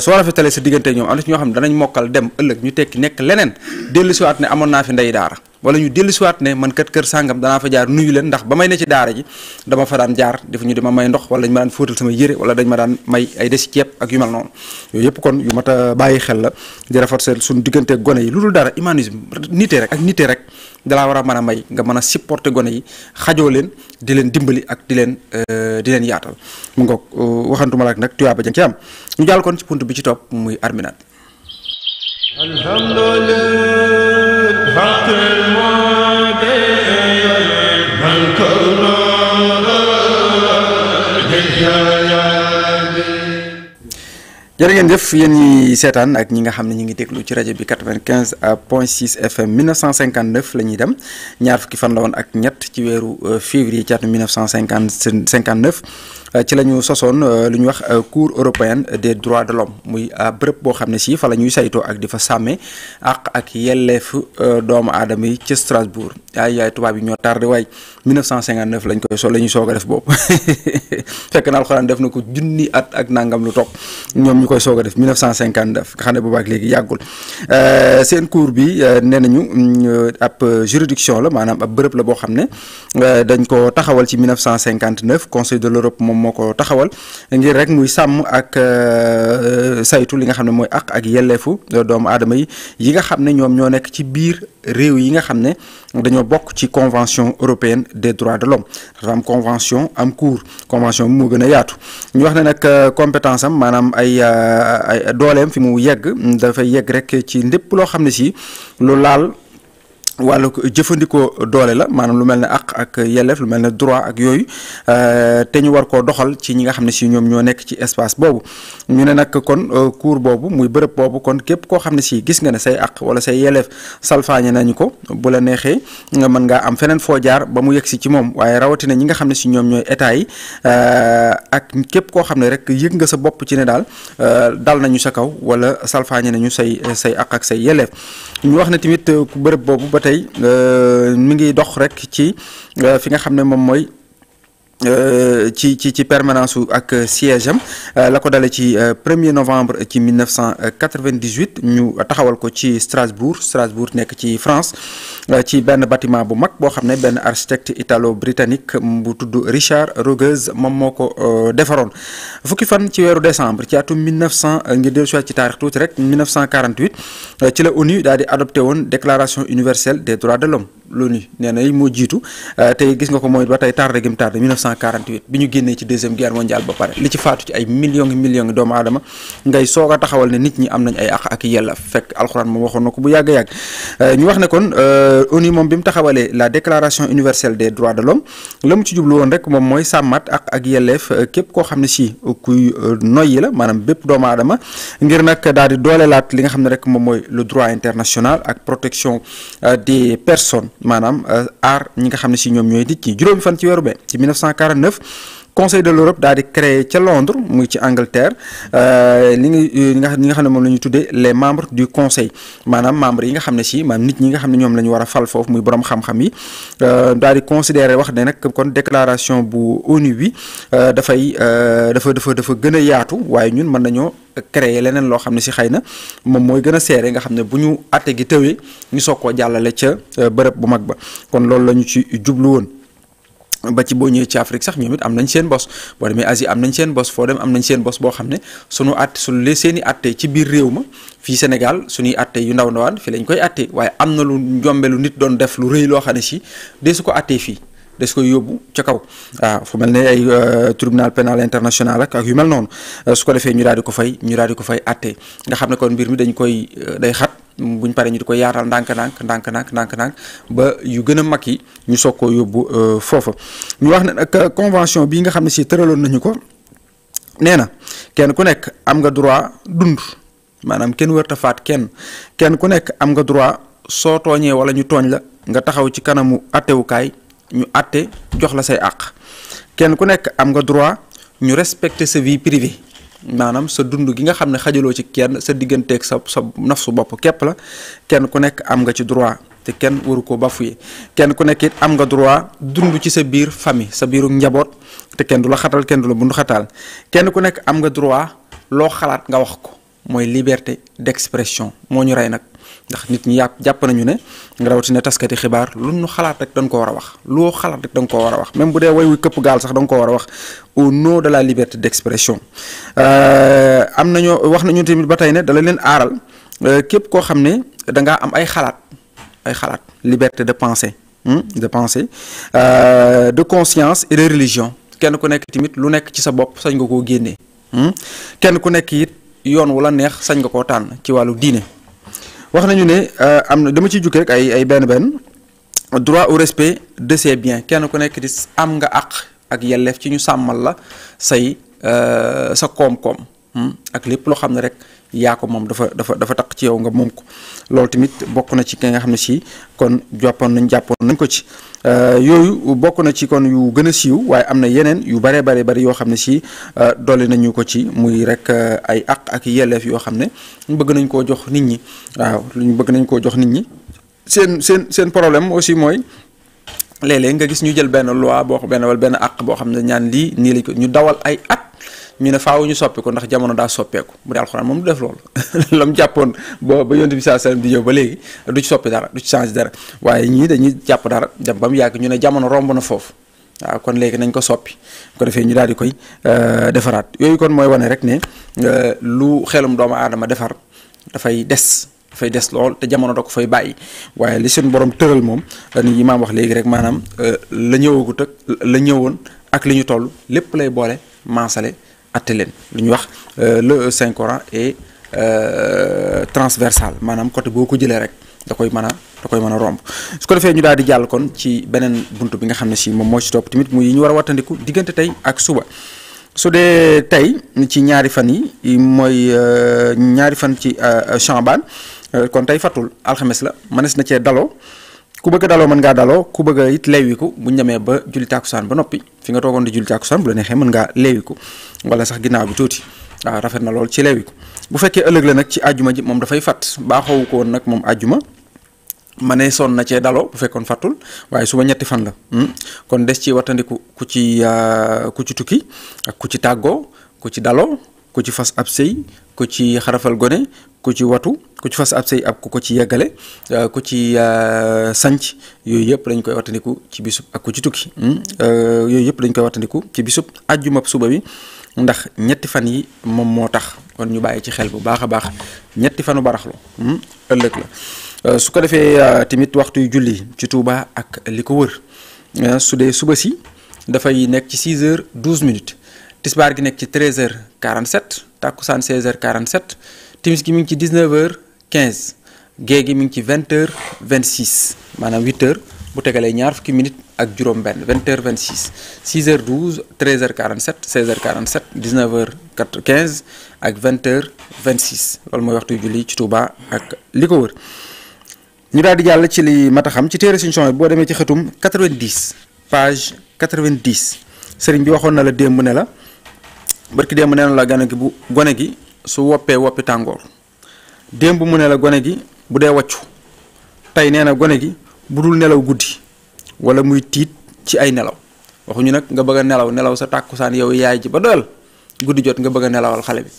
soo rafetalee sa diggante ñoom am na ci ñoo xam ne danañ mokkal dem ëllëg ñu tekki nekk leneen dellu siwaat ne amoon naa fi ndey daara wala ñu dellusiwaat ne man kat kër sàngam danaa fa jaar nuyu leen ndax ba may ne ci daara ji dama fa daan jaar defu ñu di ma may ndox wala dañ ma daan fóotal sama yére wala dañ ma daan may ay desi ceeb ak yu mel noonu yooyu yëpp kon yu mat a bàyyi xel la di rafetal suñu diggante gone yi lu dul dara humanisme nite rek ak nite rek dalaa war a man a may nga man a supporter gone yi xajoo leen di leen dimbali ak di leen euh, di leen yaatal mu ngoog euh, waxantuma la ak nag tuyaaba jën ci am ñu jàll kon ci bi ci topp muy arminaat الحمد للحق المبين ngeen jëf yéen ñi seetaan ak ñi nga xam ne ñu ngi déglu ci rajo bi 95 point 6 FM 1959 la ñuy dem ñaar fukki fan la woon ak ñett ci weeru euh, février ci atum 1959 Euh, ci la ñu sosoon euh, lu ñu wax euh, cour européenne des droits de l'homme muy bërëb boo xam ne si fa la ñuy saytoo ak di fa sàmme àq ak yelleefu doomu aadama yi ca Strasbourg ay yaay tubaab yi ñoo tardé waay 1959 lañ koy so la ñuy soog def boobu fekk na alxuraan def na ko junni at ak nangam lu topp ñoom ñu koy soog a def 1959 nga xam ne boobaak léegi yàggul seen cour bi nee nañu mm, ab juridiction la maanaam ab bërëb la boo xam ne dañ ko taxawal ci 1959 conseil de l'Europe moom moom moo ko taxawal ngir rek muy sàmm ak euh, saytu li nga xam ne mooy àq ak yelleefu euh, doomu aadama yi yi nga xam ne ñoom ñoo nekk ci biir réew yi nga xam ne dañoo bokk ci convention européenne de droits de l'homme dafa am convention am cour convention mu moo gën a yaatu ñu wax ne nag euh, compétence am maanaam ay ay dooleem fi mu yegg dafay yegg rek ci lépp loo xam ne si lu laal wàllu jëfandikoo doole la maanaam lu mel ne àq ak yelleef lu mel ne droit ak yooyu euh, te ñu war koo doxal ci ñi nga xam ne si ñoom ñoo nekk ci espace boobu ñu ne nag kon euh, cour boobu muy bërëb boobu kon képp koo xam ne si gis nga ne say àq wala say yelleef salfaañe nañu ko bu la neexee nga mën ngaa am feneen foo jaar ba mu yegsi ci moom waaye rawatina ñi nga xam ne si ñoom ñooy état yi euh, ak képp koo xam ne rek yëg nga sa bopp ci ne daal dal nañu sa kaw wala salfaañe nañu say say àq ak say yelleef ñu wax ne tamit bërëb boobu ba tey tey euh, mi ngi dox rek ci euh, fi nga xam ne moom mooy Euh, ci ci ci permanence su ak siège am euh, la ko dale ci 1er euh, novembre ci 1998 ñu taxawal ko ci Strasbourg Strasbourg nekk ci France ci benn batiment bu mag boo xam ne benn architecte italo-britannique bu tudd Richard Rogers moom moo ko defaroon fukki fan ci weeru decembre ci atum 1900 ngir dellu ci taarix tuuti rek 1948 ci la ONU daal di adopté woon déclaration universelle des droits de l'homme l'ONU nee na moo jiitu tey gis nga ko mooy ba tey tardé gim tardé 19 1948 bi ñu génnee ci deuxième guerre mondiale ba pare li ci faatu ci ay millions ngi doomu aadama ngay soog a taxawal ne nit ñi am nañ ay ak yella fekk alxuraan moom waxoon na ko bu yàgg-yàgg euh, ñu wax ne kon euh, ONU moom bi mu taxawalee la déclaration universelle des droits de l'homme la mu ci jublu woon rek moom mooy sàmmat ak ak yelleef euh, képp koo xam ne si kuy noyyi la maanaam bépp doomu aadama ngir nag daal di doolelaat li nga xam ne rek moom mooy le droit international ak protection des personnes maanaam aar ñi nga xam ne si ñoom ñooy 1949 conseil de l'Europe daal di créé ca Londres muy ci Angleterre li euh, euh, nga ñi nga xam ne moom la ñu tuddee les membres du conseil maanaam membres yi nga xam ne si maanaam nit ñi nga xam ne ñoom la ñu war a fal foofu muy borom xam-xam yi euh, daal di considéré wax ne nag kon déclaration bu ONU bi dafay dafa dafa dafa gën a yaatu waaye ñun mën nañoo créer leneen loo xam ne si xëy na moom mooy gën a seere nga xam ne bu ñu àtte gi tëwee ñu soog koo jàllale ca bërëb bu mag ba kon loolu la ci jublu woon ba ci boo ñëwee ci Afrique sax ñoom it am nañ seen bos boo demee Asie am nañ seen bos foo dem am nañ seen bos boo xam ne sunu at su lee seeni i atte ci biir réew ma fii Sénégal suñuy atte yu ndaw ndawaan fii lañ koy atte waaye am na lu njombe lu nit doon def lu rëy loo xam ne si dee su ko attee fii des koy yóbbu ca kaw waaw fu mel ne ay euh, tribunal pénal international ak ak yu mel noonu euh, su ko defee ñu daal ko fay ñu daal ko fay atte nga xam ne kon mbir mi dañ koy euh, day xat buñ paree ñu di ko yaatal ndànk-ndànk ndànk-ndànk ndànk-ndànk ba yu gën a mag yi ñu soog koo yóbbu euh, foofa ñu wax na nag euh, convention bii nga xam ne si tëraloon nañu ko nee na kenn ku nekk am nga droit dund maanaam kenn wërta faat kenn kenn ku nekk am nga droit soo tooñee wala ñu tooñ la nga taxaw ci kanamu attewukaay ñu atte jox la say àq kenn ku nekk am nga droit ñu respecter sa vie privée maanaam sa dund gi nga xam ne xajaloo ci kenn sa digganteeg sa sa nafsu bopp képp la kenn ku nekk am nga ci droit te kenn waru ba bafoué kenn ku nekk am nga droit dund ci sa biir famille sa biiru njaboot te kenn du la xatal kenn du la bundu xataal kenn ku nekk am nga droit loo xalaat nga wax ko mooy liberté d'expression moo ñu rey nag ndax nit ñi yàpp jàpp nañu ne nga rawatina taskati xibaar lu nu xalaat rek da ko war a wax loo xalaat rek da ko war a wax même bu dee way wu këpp gaal sax da ko war a wax au nom de la liberté d'expression euh, am nañoo wax nañu tamit ba tey ne dala leen aaral euh, képp koo xam ne da ngaa am ay xalaat ay xalaat liberté de pensé hmm, de pensé euh, de conscience et de religion kenn ku nekk tamit lu nekk ci sa bopp sañ nga koo génnee hmm. kenn ku nekk it yoon wu la neex sañ nga koo tànn ci wàllu diine wax nañu ne euh, am na dama ciy jukki rek ay ay benn benn droit au respect de ses biens kenn ku nekk di am nga àq ak yelleef ci ñu sàmmal la say euh, sa koom-koom hmm? ak lépp loo xam ne rek yaa ko moom dafa dafa dafa taq ci yow nga moom ko loolu tamit bokk na ci ki nga xam ne si kon jàppoon nañ jàppoon nañ ko ci Euh, yooyu bokk na ci kon yu gën a siiw waaye am na yeneen yu bare bare bari yoo xam ne si euh, dolli nañu ko ci muy rek euh, ay àq ak yelleef yoo xam ne bëgg nañ koo jox nit ñi waaw ñu bëgg nañ koo jox nit ñi seen seen seen problème aussi mooy léeg nga gis ñu jël benn loi boo benn wala benn àq boo xam ne ñaan lii nii lañ ko ñu dawal ay at ñu ne faaw ñu soppi ko ndax jamono daa soppeeku bu dee alxuraan moom du def loolu la mu jàppoon ba ba yonent bi saa sallam di ñëw ba léegi du ci soppi dara du ci changé dara waaye ñii dañuy jàpp dara dem ba mu yàgg ñu ne jamono romb na foofu waaw kon léegi nañ ko soppi ko defee ñu daal di koy euh, defaraat yooyu kon mooy wane rek ne euh, lu xelum doomu aadama defar dafay des dafay des lool te jamono da ko fay bàyyi waaye li seen borom tëral moom euh, ni imaam wax léegi rek maanaam la ñëwagut ak la ñëwoon ak li ñu toll lépp lay boole maasale atte leen lu ñuy wax euh, le cinq Coran est euh, transversal maanaam côté boo ko jëlee rek da koy mën a da koy mën a romb su ko defee ñu daal di jàll kon ci beneen bunt bi nga xam ne si moom moo ci topp tamit muy yi ñu war a wattandiku diggante tey ak suba su dee tey ci ñaari fan yi mooy euh, ñaari fan ci Sha'ban kon tey fattul alxames la mënees na cee daloo. ku bëgg daloo mën ngaa daloo ku bëgg it leewiku bu ñu ba julli tàkkusaan ba noppi fi nga toogoon di julli tàkkusaan bu la neexee mën ngaa leewiku wala sax ginnaaw bi tuuti waaw ah, rafet na lool ci leewiku bu fekkee ëllëg la nag ci àjjuma ji moom dafay fàtt baaxoowu ko woon nag moom àjjuma ma ne sonn na cee daloo bu fekkoon fattul waaye suba ñetti fan la hmm? kon des ci wattandiku ku ci ah, ku ci tukki ak ku ci tàggoo ku ci daloo ku ci fas ab sëy ko ci xarafal gone ku ci watu ku ci fas ab sëy ab ku ko ci yeggale euh, ko ci euh, sanc yooyu yëpp dañ koy wattandiku ci bisub ak ku ci tukki hmm? euh, yooyu yëpp dañ koy wattandiku ci bisub àjjuma suba bi ndax ñetti fan yi moom moo tax kon ñu bàyyi ci xel bu baax a baax ñetti fanu baraxlu hmm? ëllëg la su ko defee tamit waxtu yu julli ci Touba ak li ko wër su dee suba si dafay nekk ci 6 heures 12 minutes tisbaar gi nekk ci 13h47 takkusaan 16h47 timis gi mi ngi ci 19h15 gée gi mi ngi ci 20h26 maanaam 8 bu tegalee ñaar fukki minute ak juróom-benn 20h26 6h12 13h47 16h47 19h15 ak 20h26 loolu mooy waxtu julli ci Touba ak li ko wër. ñu daal di jàll ci li mat a xam ci téere Sëriñ Souhaïbou boo demee ci xëtum 90 page 90 sëriñ bi waxoon na la démb ne la. barki démb nee na la gane gi bu gone gi su woppee woppi tàngoor démb mu ne la gone gi bu dee waccu tey nee na gone gi bu dul nelaw guddi wala muy tiit ci ay nelaw waxuñu nag nga bëgg a nelaw nelaw sa tàkkusaan yow yaay ji ba doyal guddi jot nga bëgg a nelawal xale bi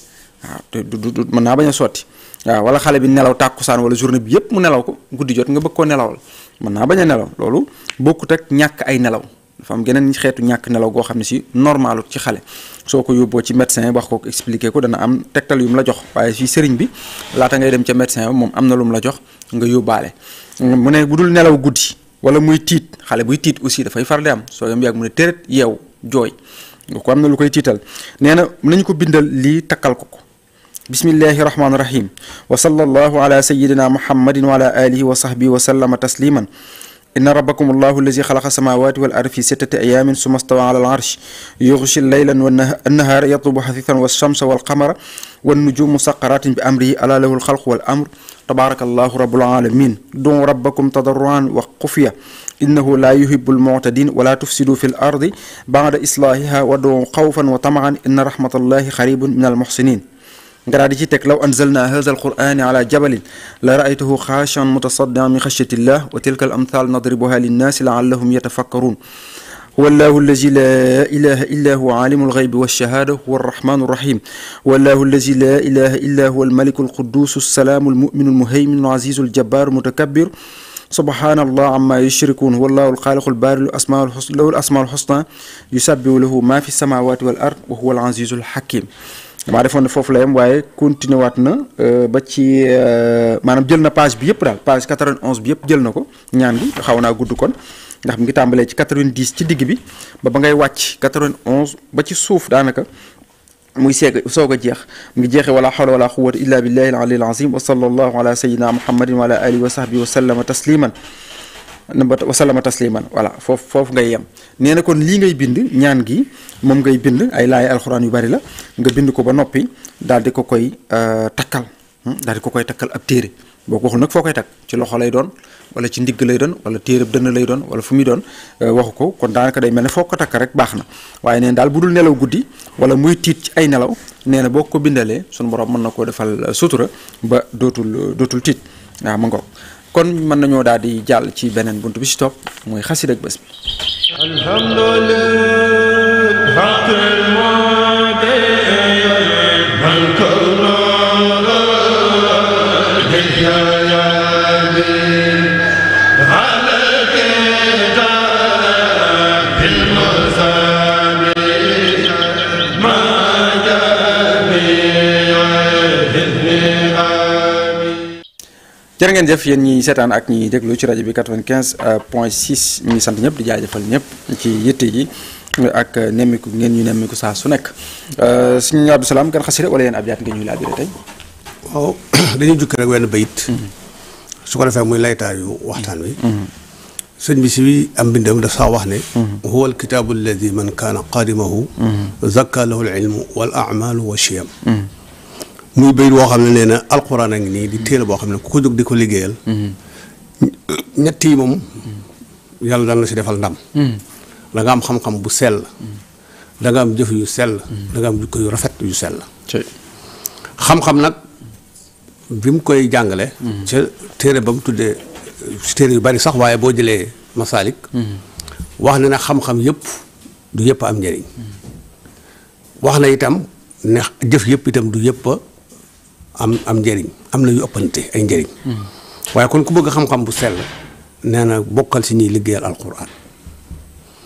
waaw te du du mën naa bañ sotti waaw wala xale bi nelaw tàkkusaan wala journée bi yépp mu nelaw ko guddi jot nga bëgg koo nelawal mën naa bañ a nelaw loolu bokkut ak ñàkk ay nelaw dafa am geneen xeetu ñàkk nelaw goo xam ne si normalut ci xale soo ko yóbboo ci médecin wax ko expliqué ko dana am tegtal yu mu la jox waaye si sëriñ bi laata ngay dem ca médecin moom am na lu mu la jox nga yóbbaale mu ne bu dul nelaw guddi wala muy tiit xale buy tiit aussi dafay far di am soo yam mu ne tërët yeew jooy nga ko am na lu koy tiital nee na nañ ko bindal lii takkal ko ko bismillahi rahmaani rahim wa sallallahu ala sayyidina muhammadin wa ala alihi wa sahbihi wa sallama tasliman inna rabbakum allahu allazi xalaqa samawati wal ardi fi sittati ayamin summa stawa ala al arsh yughshi layla wannahaara yatlubu xafiifan walchamsa walqamara wannujumu musaqaratin bi amrihi ala lahu alxalqu wal amr tabaraka allahu rabbul alamin duu rabbakum tadarruan wa xufiya innahu la yuhibbul mu'tadin wala tufsidu fi l ardi bada islahiha wa duu xawfan wa tamaan inna rahmatallahi xaribun min almuxsinin nga daal di ci teg law anzalna hadha alqur'ana ala jabalin la raaytuhu xaashan mutasaddian min xashyatillah wa tilka al amthal nadribuha linnaasi laallahum yatafakkarun huwa allahu allazi la ilaha illa huwa alimu alxaybi walshahada huwa arrahmanu arrahim huwa allahu allazi la ilaha illa huwa almaliku alqudusu alsalaamu almuminu almuhayminu alazizu aljabbaaru mutakabbir subhaanallah amma yushrikun wallahu alxaaliqu albaari lu asmaa lahu alasmaa alxusna yusabbihu lahu ma fi samawati wal ard wa huwa alazizu alxakim damaa defoon ne foofu la waaye continué waat na euh, ba ci euh, maanaam jël na page bi yëpp daal page 91 bi yëpp jël na ko ñaan gi xaw naa gudd kon ndax mu ngi tàmbalee ci 90 ci digg bi ba ba ngay wàcc 91 ba ci suuf daanaka muy seeg soog a jeex mu ngi jeexee wala xawla wala quwwata illa billahi al aliyyil azim wa sallallahu ala sayyidina muhammadin wa ala alihi wa sahbihi wa sallama tasliman wasalama tasliman voilà foof foofu ngay yem nee na kon lii ngay bind ñaan gi moom ngay bind ay laay alxuraan yu bari la nga bind ko ba noppi daal di ko koy euh, takkal hmm, daal ko koy takkal ab téere boo ko waxul nag foo koy takk ci loxo lay doon wala ci ndigg lay doon wala téerab dënn lay doon wala fu muy doon euh, waxu ko kon daanaka day mel ne foo ko takk rek baax na waaye neen daal bu dul nelaw guddi wala muy tiit ci ay nelaw nee na boo ko bindalee sunu borom mën na koo defal euh, sutura ba dootul dootul tiit kon mën nañoo daal di jàll ci beneen bunt bi ci topp mooy xasida ak bés bi jërë ngeen jëf yéen ñi seetaan ak ñi déglu ci rajo bi 95 point 6 ñu sant ñëpp di jaajëfal ñëpp ci yitte yi ak nemmiku ngeen ñu nemmiku saa su nekk euh, suñu Abdou Salaam gan xasida wala yéen ab jaat ngeen ñu laabire tey waaw dañuy jukki rek wenn bayit hmm. su ko defee muy laytaayu waxtaan wi hmm. Hmm. sëñ bi si am mbindam daf saa wax ne huwa al kitaabu alladi man kaana qaadimahu zakka lahu al ilmu wal amalu wa chiyam muy béy boo xam ne nee na alxuraan a ngi nii di téere boo xam ne ku ko jóg di ko liggéeyal. ñett yi moom. yàlla daan na si defal ndam. Mm-hmm. da am xam-xam bu sell. Mm-hmm. da am jëf yu sell. Mm-hmm. da nga am jikko yu rafet yu sell. xam-xam nag bi mu koy jàngale. ca téere ba mu tuddee téere yu bari sax waaye boo jëlee masaalik. wax na ne xam-xam yëpp du yëpp am njëriñ. wax na itam ne jëf yëpp itam du yëpp am am njariñ am na yu ëppante ay njëriñ. Hmm. waaye kon ku bëgg xam-xam bu sell nee na bokkal si ñuy liggéeyal alquran.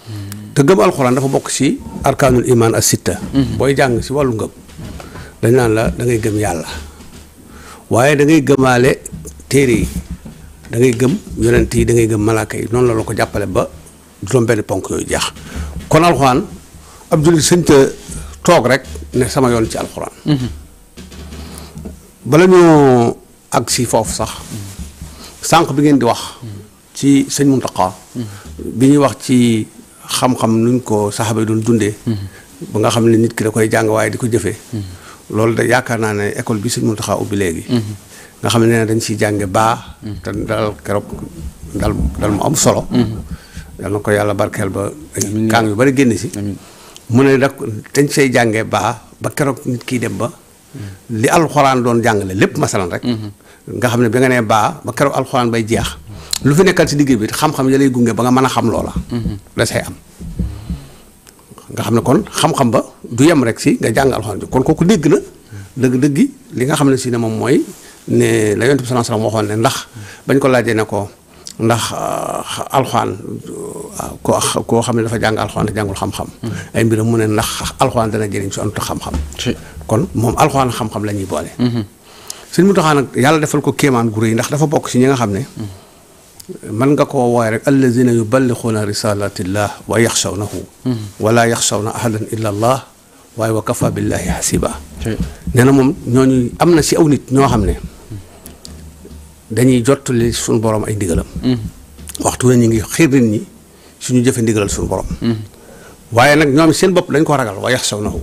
Hmm. te gëm alquran dafa bokk si arkaanul iman as sitta. Hmm. booy jàng si wàllu ngëm. dañ naan la dangay gëm yàlla waaye dangay ngay gëmaale téere yi dangay gëm yonent yi da ngay gëm malaaka yi noonu la la ko jàppale ba juróom-benn ponk yooyu jeex kon alquran ab jullit sëñ toog rek ne sama yoon ci alquran. bala ñoo ak si foofu sax sànq bi ngeen di wax ci sëñ Muntaqa bi ñuy wax ci xam-xam nuñ ko saxaba yi doon dundee ba nga xam ne nit ki da koy jàng waaye di ko jëfee loolu da yaakaar naa ne école bi sëñ Muntaqa ubbi léegi nga xam ne dañ siy jànge baa te dal keroog dal dal mu am solo yal ko yàlla barkeel ba kaang yu bari génn si mu ne nag dañ say jànge baa ba keroog nit kiy dem ba li alxuraan doon jàngale lépp masalan rek. nga xam ne bi nga baa ba keroog alxuraan bay jeex. lu fi nekkal si liggéey bi xam-xam ya lay gunge ba nga mën a xam loola. da say am. nga xam ne kon xam-xam ba du yem rek si nga jàng alxuraan bi kon kooku dégg na dëgg-dëgg li nga xam ne si ne moom mooy ne la yonent bi sallallahu ndax bañ ko laajee ne ko. ndax euh, alxuraan euh, koo xam ne dafa jàng alxuraan te jàngul xam-xam mm-hmm. ay mbiram mu ne ndax alxuraan dana jëriñ si antu xam-xam kon moom alxuraan xam-xam la ñuy boole. Mhm. Sëriñ Muntaxa yàlla defal ko kéemaan gu yi ndax dafa bokk si ñi nga xam ne. Mhm. mën nga koo wooye rek allazina yuballighuuna risalatillah wa yaxshawnahu mhm. wala yaxshawna ahadan illa allah waaye wa kafa billahi hasiba nee na moom ñooñu am na si aw nit ñoo xam ne dañuy jottali suñu borom ay ndigalam waxtu wen ñu ngi xiir nit ñi suñu jëfe ndigalal suñu borom waaye nag ñoom seen bopp dañ ko ragal wa yaxshawnahu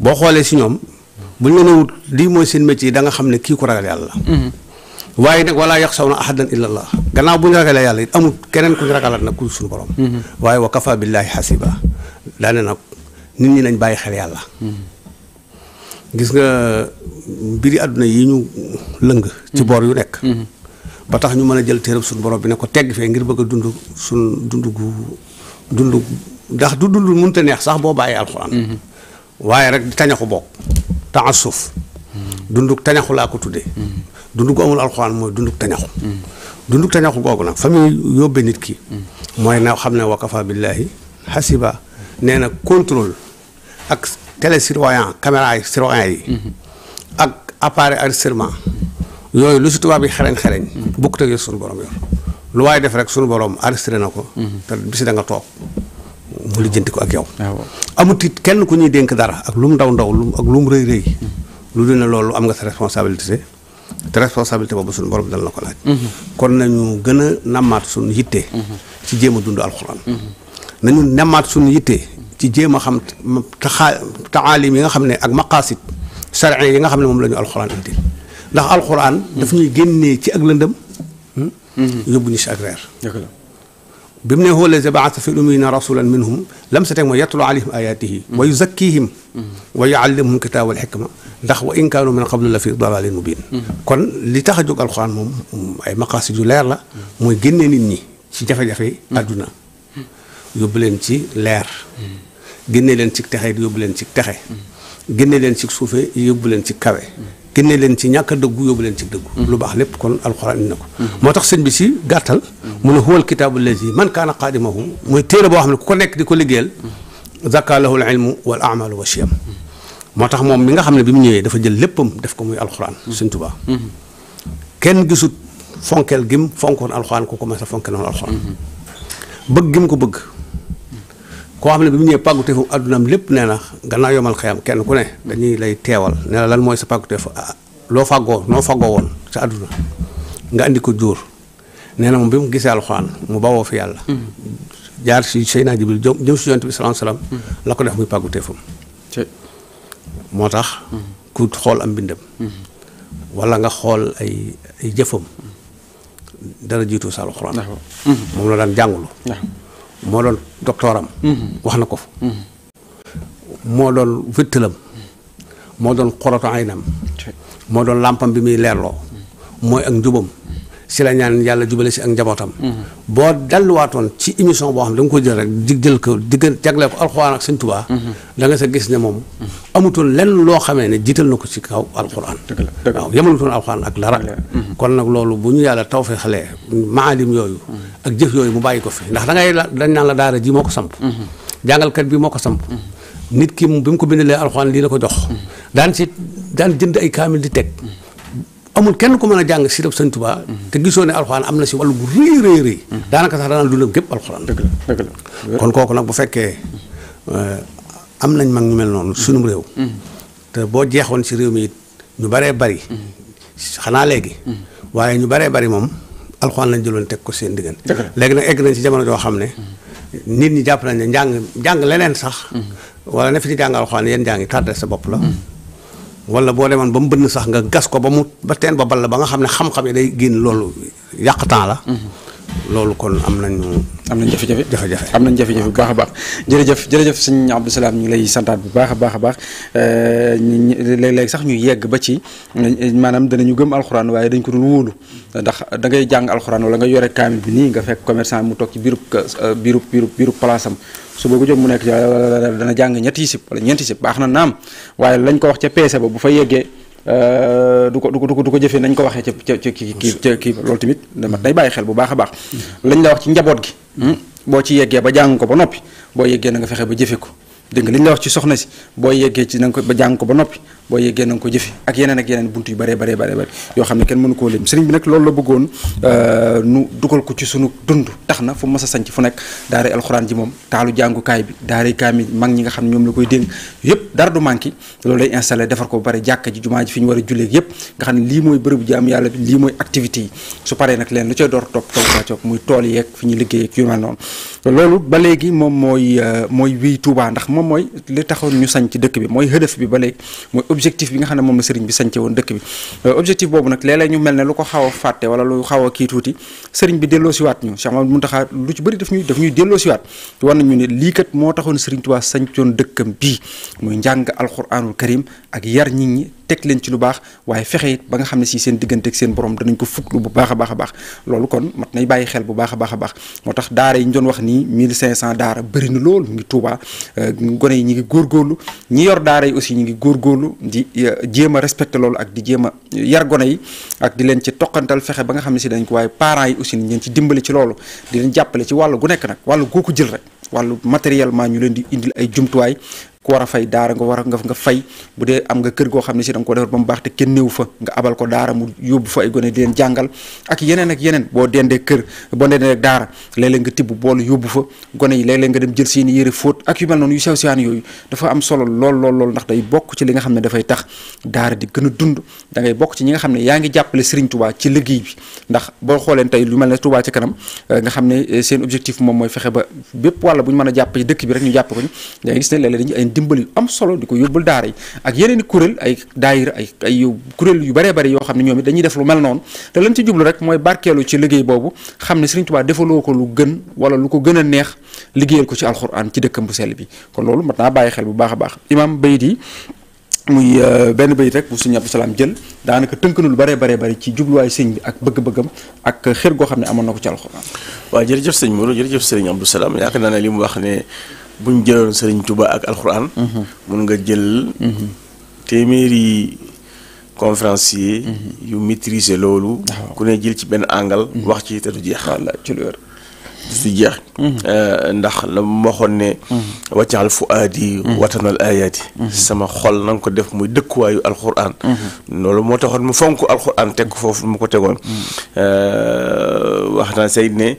boo xoolee si ñoom buñ la newut lii mooy seen métier da danga xam ne kii ko ragal yàlla mhm. waaye nag walaa yax saw na ahadan illa allah gannaaw bu ñu ragalee yàlla it amul keneen ku ñu ragalat nag ku suñu borom mhm. waaye wa kafa billaahi xasiba daane nag nit ñi nañ bàyyi xel yàlla mhm. gis nga mbiri àdduna yi ñu lëng ci boor yu nekk ba tax ñu mën a jël téerab suñu borom bi ne ko tegg fee ngir bëgg a dund suñ dund gu dund ndax du dund mënta neex sax boo bàyyee alxuraan waaye rek tañaxu bokk taasuf dunduk tañaxu laa ko tuddee dunduk amul alxuraan mooy dunduk tañaxu dunduk tañaxu googu nag fa muy nit ki mooy na xam ne wakafa billaahi xasiba nee na contrôle ak télé surveillant caméra yi surveillant yi ak appareil enregistrement yooyu lu si tubaab yi xereñ xereñ bukk teg yo suñu borom yor lu waaye def rek suñu borom enregistré na ko te bisi da nga toog mu lijjanti ko ak yow. Ah, amut kenn ku ñuy dénk dara ak lu mu ndaw ndaw lu ak lu mu rëy rëy. lu dul ne loolu am nga sa responsabilité te responsabilité boobu suñu borom dal na ko laaj. Mhm. kon nañu gën a nammaat suñu yitte. Mhm. ci jéem a dund alxuraan. Mhm. nañu nammaat suñu yitte ci jéem a xam taxa taalim yi nga xam ne ak maqaasid sharci yi nga xam ne moom la ñu alxuraan indi ndax alxuraan. daf ñuy génnee ci ak lëndëm. yóbbu ñu si ak bi mu ne huwa allazi baasa fi lummiina rasulan minhum lam sa teg mooy yatlu alayhim ayaatihi wa yuzakkihim wa yuallimuhum kitaab wal xikma ndax wa in kaanu min qablu la fi dalalin mubin kon li tax a moom ay maqaasid yu leer la mooy génnee nit ñi ci jafe-jafe àdduna yóbbu leen ci leer génne leen ci texe yóbbu leen ci texe génne leen ci suufe yóbbu leen ci kawe génne leen ci ñàkk a dëggu yóbbu leen ci dëggu mm-hmm. lu baax lépp kon alxuraan indi na ko mm-hmm. moo tax sëñ bi si gàttal mm-hmm. mu ne huwal kitaabu lazi man kaana qaadimahu mooy téere boo xam ne ku ko nekk di ko liggéeyal zakka lahu al wa wal amalu moo tax moom mi nga xam ne bi mu ñëwee dafa jël léppam def ko muy alxuraan sëñ Tuubaa kenn gisut fonkeel gim fonkoon alxuraan ku ko mas a fonkeel noonu alxuraan bëgg gim ko bëgg koo xam ne bi mu ñëwee pàgguteefu àddunam lépp nee na gannaaw yomal xayam kenn ku ne dañuy lay teewal nee lan mooy sa pàgguteef ah, loo fàggoo noo fàggoo woon sa àdduna nga indi ko jóor nee na moom bi mu gisee alxuraan mu bawoo fi yàlla mm. jaar si Seydina Jibril jëm jëm si yonent bi salaam salaam mm. la ko def muy pàgguteefam moo tax mm. ku xool am mbindam wala nga xool ay ay jëfam dara jiitu sa alxuraan moom la daan jàngulu moo doon doctoram mm-hmm. wax na ko fa mm-hmm. moo doon wëttalam mm-hmm. moo doon xoroto aynam moo doon làmpam bi muy leerloo mooy ak njubam si la ñaan yàlla jubale si ak njabootam. Mm-hmm. boo delluwaatoon ci émission boo xam ne da nga ko jël rek di jël ko diggan jagleel ko alxuraan ak sëñ Tuubaa. Mm-hmm. da sa gis ne moom. Mm-hmm. amutoon lenn loo xamee ne jiital na ko si kaw alxuraan. la waaw yemalutoon alxuraan ak dara. kon nag loolu bu ñu yàlla taw fee xale maalim yooyu. ak jëf yooyu mu bàyyi ko fi ndax da ngay dañ naan la daara ji moo ko samp. jàngalkat bi moo ko samp. nit ki bi mu ko bindalee alxuraan lii la ko jox. daan si daan jënd amul kenn ko mën a jàng si def sëñ Tuubaa te gisoo ne alxuraan am na si wàllu bu rëy rëy daanaka sax danaan dundam gépp alxuraan dëgg la dëgg kon kooku nag bu fekkee eh, am nañ mag ñu mel noonu sunum réew mm-hmm. te boo jeexoon si réew mi ñu baree bari mm-hmm. xanaa léegi mm-hmm. waaye ñu bare bari moom alxuraan lañ jëloon teg ko seen diggante léegi nag egg nañ si jamono joo xam ne nit ñi jàpp nañ ne njàng njàng leneen sax wala ne fi ñu jàng alxuraan yéen njàng yi tardé sa bopp la wala boo demoon ba mu bënn sax nga gas ko ba mu ba teen ba balla ba nga xam ne xam-xam yi day génn loolu yàq temps la. loolu kon am nañu. am nañ jafe-jafe jafe-jafe am nañ jafe-jafe bu baax a baax jërëjëf jërëjëf sëñ Abdou Salaam ñu lay santaat bu baax a baax a baax euh, ñu léeg-léeg sax ñu yegg ba ci maanaam danañu gëm alxuraan waaye dañ ko dul wóolu ndax da ngay jàng alxuraan wala nga yore kaamil bi nii nga fekk commerçant mu toog ci biirub euh, biirub biirub biirub place am su boobu jóg mu nekk dana jàng ñetti sib wala ñeenti sib baax na naam waaye lañ ko wax ca peese ba bu fa yeggee Euh, du ko du ko du ko jëfee nañ ko waxee ca ca kii kii kii loolu tamit day bàyyi xel bu baax a baax. Mm-hmm. lañ la wax ci njaboot gi. Hmm? boo ci yeggee ba jàng ko ba noppi boo yeggee na nga fexe ba jëfe ko. dégg nga li la wax ci soxna si boo yeggee ci na nga ko ba jàng ko ba noppi boo yeggee na ko jëfe ak yeneen ak yeneen bunt yu bëree baree baree yoo xam ne kenn mënu koo lim sëriñ bi nag loolu la bëggoon euh, nu dugal ko ci sunu dund tax na fu mas a sanc fu nekk daare alxuraan ji moom taalu jàngukaay bi daare kaami mag ñi nga xam ne ñoom la koy dénk yëpp dara du manqué loolu lay installé defar ko ba pare jàkka jumaa ji fi ñu war a julleeg yëpp nga xam ne moom mooy li taxoon ñu sañ ci dëkk bi mooy hëdëf bi ba léegi mooy objectif bi nga xam ne moom la sëriñ bi sañce woon dëkk bi euh, objectif boobu nag léeg ñu mel ne lu ko xaw a fàtte wala lu xaw a kii tuuti sëriñ bi delloo siwaat ñu Cheikh Mamadou Mountakha lu ci bëri daf ñuy daf ñuy delloo siwaat war nañu ne lii kat moo taxoon sëriñ Tuubaa sañcoon dëkkam bii muy njàng alquranul karim ak yar nit ñi teg leen ci lu baax waaye fexe it ba nga xam ne si seen diggante ak seen borom danañ ko fuglu bu baax a baax a baax loolu kon mat nay bàyyi xel bu baax a baax a baax moo tax daara yi ñu doon wax nii 1500 daara bëri na lool mu ngi Tuubaa euh, gone yi ñu ngi góorgóorlu ñi yor daara yi aussi ñi ngi góorgóorlu di euh, jéem a respecté loolu ak di jéem a yar gone yi ak di leen ci toqantal fexe ba nga xam ne si dañ ko waaye parent yi aussi niñ leen ci dimbali ci loolu leen jàppale ci wàllu gu nekk nag wàllu goo jël rek wàllu matériellement ñu leen di indil ay jumtuwaay ku war a fay daara nga war nga fay bu dee am nga kër goo xam ne si danga ko defar ba mu baax te kenn néew fa nga abal ko daara mu yóbbu fa ay gone leen jàngal ak yeneen ak yeneen boo dendee kër boo dendee ak daara léeg-léeg nga tibb boolu yóbbu fa gone yi léeg-léeg nga dem jël seen i yére fóot ak yu mel noonu yu sew sewaan yooyu dafa am solo lool lool lool ndax day bokk ci li nga xam ne dafay tax daara di gën a dund da ngay bokk ci ñi nga xam ne yaa ngi jàppale Serigne Touba ci liggéey bi ndax boo xooleen tey lu mel ne Touba ci kanam euh, nga xam ne euh, seen objectif moom mooy fexe ba bépp wàlla bu ñu mën a jàpp ci dëkk bi rek ñu jàpp ko ñu dimbali am solo di ko yóbbul daara yi ak yeneen i kuréel ay daayir ay ay kuréel yu bëree bëri yoo xam ne ñoom it dañuy def lu mel noonu te lañ ci jublu rek mooy barkeelu ci liggéey xam ne Sëriñ Tuubaa defaloo ko lu gën wala lu ko gën a neex liggéeyal ko ci alxuraan ci dëkkam bu sell bi kon loolu mat naa bàyyi xel bu baax a baax imaam Baydi muy euh, benn bayit rek bu sëñ Abdou Salaam jël daanaka tënk na lu bare bare bare ci jubluwaayu sëñ bi ak bëgg-bëggam ak xër goo xam ne amoon na ko ci alxuraan. waaw jërëjëf sëñ Mourou jërëjëf sëriñ Abdou Salaam yaakaar naa ne li mu wax ne bu ñu jëloon Serigne Touba ak alxuraan. Mhm. mun nga jël. Mhm. téeméeri conférencier mhm. yu maîtriser loolu. ku ne jël ci benn angle. wax ci te du jeex. Euh, ndax la mu waxoon ne. waccaxal fuaadi watanal ayaati sama xol na nga ko def muy dëkkuwaayu alxuraan. loolu moo taxoon mu fonk alxuraan teg ko foofu mu ko tegoon. Euh, wax naa sayt ne.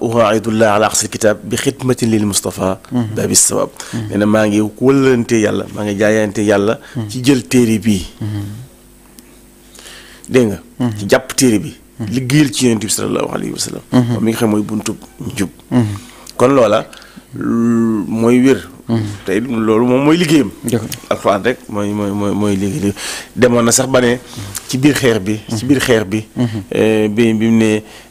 uhaidullah ala axsil kitaab bi xidmatin lil Mustafa mhm. baabi sawaab mhm. nee maa ngi wëllante yàlla maa ngi jaayante yàlla mhm. ci jël téere bi dégg nga ci jàpp téere bi liggéeyal ci yonent bi sallallahu alayhi wa sallam moom mi nga xam mooy buntub njub kon loola mooy wér tey loolu moom mooy liggéeyam. alxuraan rek mooy mooy mooy mooy liggéey demoon na sax ba ci biir xeex bi. ci biir xeex bi. Eh, bi bi mu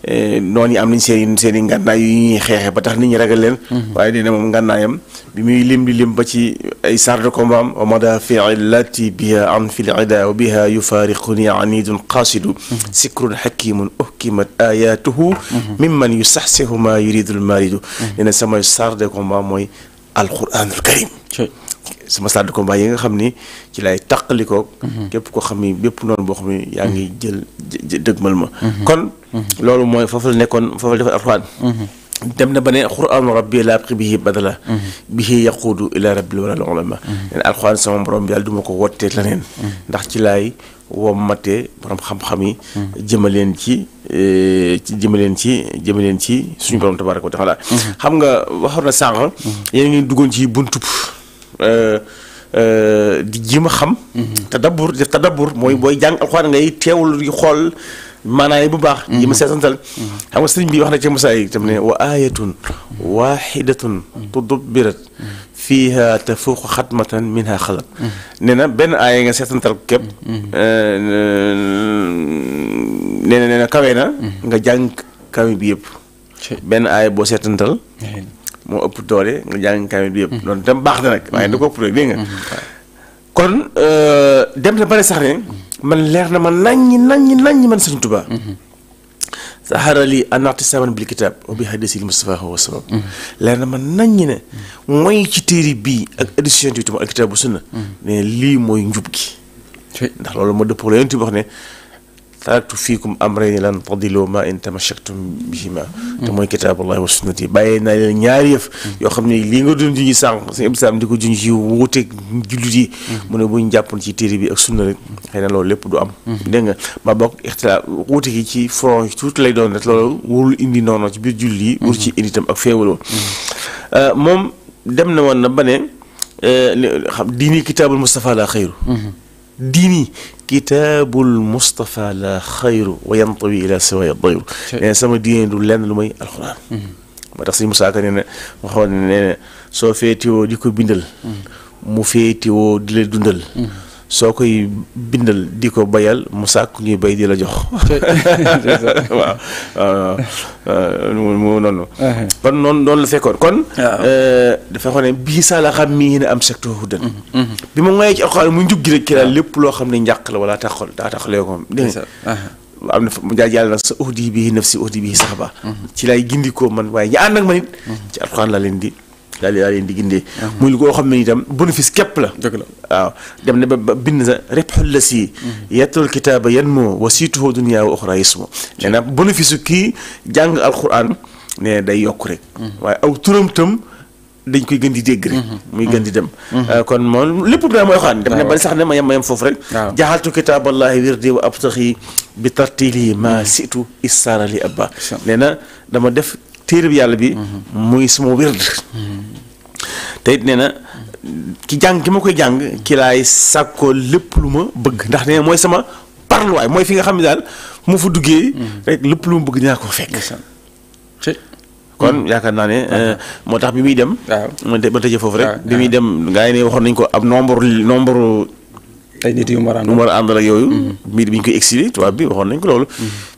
eh, noon noonu yi am nañ seen i seen i ngànnaay ba tax ni ñi ragal leen. Mhm. waaye nee na moom ngànnaayam bi muy lim di lim ba ci ay sar de combat am wa madaafi'i lati biha an fil ida wa biha yufaariquni anidun qaasidu mhm. sikrun xakimun uhkimat ayatuhu mhm. mimman yusaxsihu ma yuridu lmaridu nee na samay sar de mooy alquranul karim sama salle ko combat yi nga xam ni ci lay taqalikoo mhm. képp ko xam ni bépp noonu boo xam ni yaa ngi mhm. jël dëgmal ma mhm. kon loolu mooy foofu la nekkoon foofu la defal alquran dem na ba ne quranu rabbi laa abqi bihi badala bihi yaquudu ila rabbil wala ulama leen alquran sama borom yàlla du ma ko wottee leneen ndax ci laay wommatee borom xam-xam yi. jëmaleen ci eh, ci jëmaleen ci jëmaleen ci suñu borom tabaaraka wa taala xam nga waxoon na sànq. yéen ngi duggoon ci buntub eh, eh, di jéem a xam. tadabbur def tadabbur mooy booy jàng alxuraan ngay teewul di xool. maanaam bu baax yi ma seetantal xam nga sëriñ bi wax na ci mosaa yi tam ne wa ayatun waxidatun tudubbirat fiiha te foo fooxu xatmatan minha xalat nee na benn aaya nga seetantal képp eh, nee na nee na kawe na nga jàng kawe bi yëpp benn aaya boo seetantal moo ëpp doole nga jàng kawe bi yëpp mm-hmm. loolu tam baax na nag waaye du ko ëpp dégg nga mm-hmm. kon eh, dem na bare sax ne man leer na ma naññi naññi naññi man Sëriñ Tuubaa mm-hmm. saxara lii anaxti saman bil kitaab wa bi hadisil Mustafa wa sabab leer na ma naññi ne mooy ci téere bii ak édition bi tam alkitaab bu sunna mm. ne lii mooy njub gi ndax loolu ma dëppoo la yonent bi wax ne taraktu fiikum amrayni lan tadilu ma in tamashaktum bihima te mooy kitaabullahi wa sunnati bàyyee naa leen ñaari yëf yoo xam ne lii nga doon junj yi wuuteeg jullit yi mu ne ci téere bi ak sunna rek na loolu lépp du am dégg nga ma bokk ixtilaaf wuute gi ci front tuuti lay doon rek loolu warul indi noonu ci biir jullit yi wur ci indi tam ak féewaloo euh, moom dem na woon na ba ne euh, xam diini kitaabul Mustafa la xayru mmh. diini kitaabul Moustapha la xayru wa yantawi ila siwaaya dayru nee sama diine du lenn lu may alxuraan. Mhm. moo tax si Musaa Ka nee na waxoon ne nee na soo feetiwoo di ko bindal. Mhm. mu feetiwoo di la dundal. Mhm. soo koy bindal di ko bayal mu sàkk ñuy bay di la jox waaw waaw euh, euh, mu noonu uh-huh. kon noonu la fekkoon kon euh, dafa xam bii saa la xam mii ne am secteur hudan mm-hmm. Mm-hmm. bi ma ngoyee ci alxuraan mu njug rek ki daal lépp loo xam ne njàq la wala taxal daa taxalee ko dégg nga uh-huh. am mu jaay yàlla nag sa uhdi bii naf si uhdi bii sax mm-hmm. la leen di daal di daal leen di gindee. muy lu koo xam ne itam bénéfice képp la. dëgg la waaw dem na ba bind sa wa uxra yismo. nee na bénéfice su di dégg rek. muy di dem. Euh, kon moom lépp daa mooy xaan def na ba sax ne ma yem ma yem foofu rek. waaw jaxaltu kitaaballahi wirdi wa abtaxi bi tartili ma situ issaara li abba. nee dama def téere bi yàlla bi mhm. muy suma wérd mhm. te it nee na ki jàng ki ma koy jàng ki laay sàkkoo lépp lu ma bëgg ndax nee mooy sama parluwaay mooy fi nga xam ne daal mu fa duggee rek mhm. lépp lu ma bëgg dinaa ko fekk kon yaakaar naa ne eh, moo tax bi muy dem ma tëjee foofu rek bi muy dem gaa yi waxoon nañ ko ab nombre nombre ay nit yu mu war a àndal ak yooyu mbir bi ñu koy exilé tubaab bi waxoon nañ ko loolu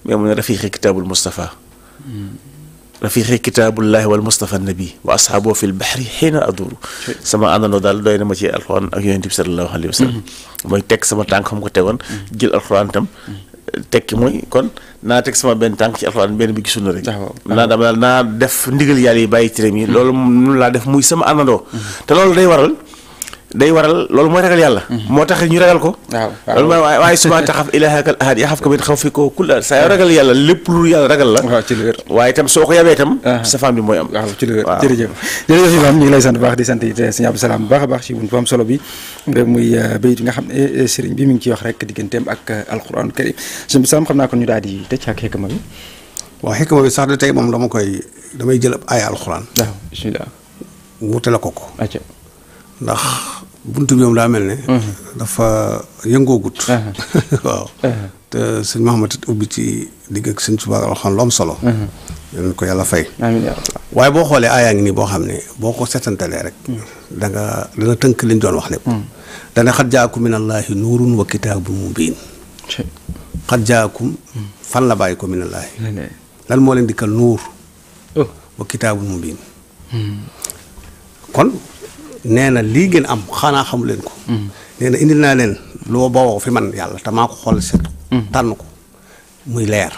mais mu ne rafiqi kitaabul Moustapha rafiqi kitaabullahi wal mustafa nabi wa asxaaboo fil baxri xiina aduru sama àndandoo daal doy na ma ci alxuraan ak yonent bi mhm. mooy teg sama tànk xam ko tegoon mhm. jël alxuraan tam mhm. tekki mooy kon naa teg sama benn tànk ci alxuraan benn bi gisul na rek naa dama naa def ndigal yàlla yi bàyyi cëram yi loolu noonu laa def muy sama àndandoo te loolu day waral day waral loolu mooy ragal yàlla. Mhm. moo tax ñu ragal ko. waaw loolu mooy waaye waaye souvent taxaf ilaahakal ahad yaxaf ko min xaw fi ko kulla saa yoo ragal yàlla lépp lu yàlla ragal la. waaw waaye itam soo ko yabee itam. sa femme bi mooy am. waaw ci li wér jërëjëf. jërëjëf imam ñu ngi lay sant bu baax di sant eh, sëñ Abdou baax a ci bu am solo bi muy eh, bayit nga xam ne eh, sëriñ bi mi ngi ciy wax rek digganteem ak alquran karim sëñ Abdou Salaam xam naa ko ñu daal di tëj ak xikma bi. waaw xikma bi sax de tey moom dama koy damay jël ab aaya alquran. waaw bismillah wutale ko ko ndax bunt bi moom daa mel ne. dafa yëngoogut. waaw. te sëñ Mahamad it ubbi ci digg ak sëñ Tuubaa waxoon solo. yal ko yàlla fay. waaye boo xoolee aayaa ngi nii boo xam ne boo ko seetantalee rek. danga nga dana tënk liñ doon wax lépp. dana xat jaakum min allaahi nuurun wa kitaabun mubiin. xat jaakum fan la bàyyi ko min allaahi. lan moo leen dikkal nuur. Oh. wa kitaabun mubiin. kon. nee na lii ngeen am xanaa xamu leen ko. Mm-hmm. nee indi naa leen loo bawoo fi man yàlla te ko xool set. Mm-hmm. tànn ko muy leer.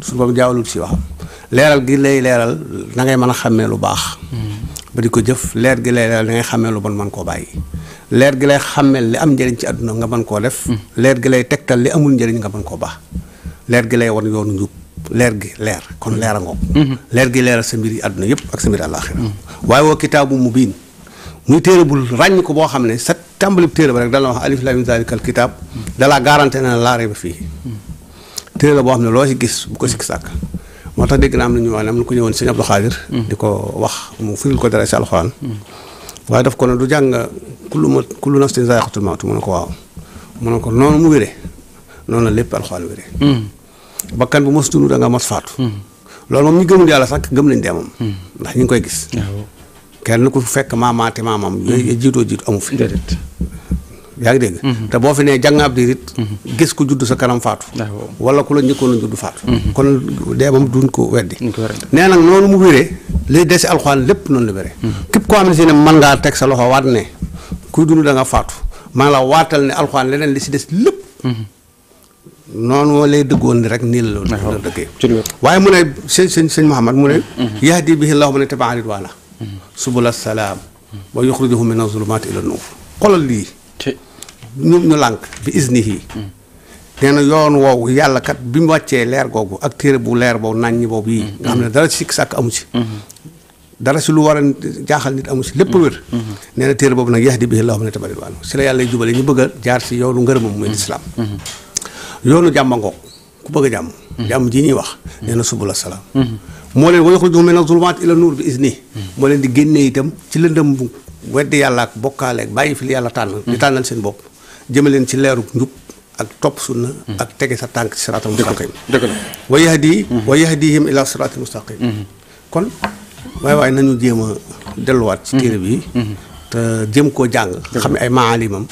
su boobu jaawalul si leeral gi lay leeral da ngay mën a xàmmee lu baax. Mm-hmm. ba di ko jëf leer gi lay leeral da ngay xàmmee lu bon mën koo bàyyi. leer gi lay xàmmeel li am njëriñ ci àdduna nga man koo def. leer gi lay tegtal li amul njëriñ nga mën koo baax. leer gi lay wan yoonu njub. leer gi leer kon leer a leer gi leeral sa mbir yi àdduna yëpp ak sa mbir àllaaxira waaye muy téere bul ràññ ko boo xam ne sa tàmbali téere ba rek dala wax alif lam zalikal kitab dalaa garanté na laa rayba fii téere la boo xam ne loo si gis bu ko sikk sàkk moo tax dégg naa am na ñu wax ne am na ku ñëwoon sëñ Abdou Xaadir di ko wax mu firil ko dara si alxuraan waaye ko ne du jàng kullu ma kullu nafsin zaa'iqatul mawt mu ko waaw mu ne ko noonu mu wéree noonu lépp alxuraan wéree bakkan bu mos dund da nga mos faatu hmm. loolu moom ñu gëmul yàlla sax gëm nañ dee moom hmm. ndax ñu ngi koy gis ah, kenn ku fekk maamaate maamam. Mm-hmm. yooyu jiitoo jiitu amu fi. déedéet. yaa ngi dégg. Mm-hmm. te boo fi nee jàngaab diir it. Mm-hmm. gis ku judd sa kanam faatu. wala ku la njëkkoon a judd faatu. kon dee moom duñ ko weddi. nee nag noonu mu wéree liy desi alxuraan lépp noonu la wéree. képp koo xam ne si ne mën ngaa teg sa loxo waat ne kuy dund da nga faatu maa ngi la waatal ne alxuraan leneen li si des lépp. noonu lay dëggoon ni rek nii la loolu. la dëggee waaye mu ne sëñ sëñ sëñ Mouhamad mu ne. yahdi subula salaam wa yuxrijuhum mina zulumaati ila nuur xolal lii ñoom ñu lànk bi isnihi nee na yoon woowu yàlla kat bi mu wàccee leer googu ak téere bu leer boobu nàññi boobu yii nga xam ne dara sikk sàkk amu ci dara si lu war a jaaxal nit amu si lépp wér nee na téere boobu nag yahdi bihi llaahu man ittaba'a ridwaanahu si la yàlla jubale ñu bëgg a jaar si yoonu ngërëmam muy lislaam yoonu jàmba ngoog ku bëgg a jàmm jàmm ji ñuy wax nee na la salaam moo leen wa yuxrijuhum mina zulumaati ila nuur bi izni moo leen di génnee itam ci lëndëm bu weddi yàlla ak bokkaale ak bàyyi fi li yàlla tànn di tànnal seen bopp jëme leen ci leeru njub ak topp sunna ak tege sa tànk ci siraatal mustaqim dëgg la wa di wa yahdihim ila siraatil mustaqim mhm. kon waaye waaye nañu jéem a delluwaat ci téere bi mhm. te jëm koo jàng xam ne ay maalimam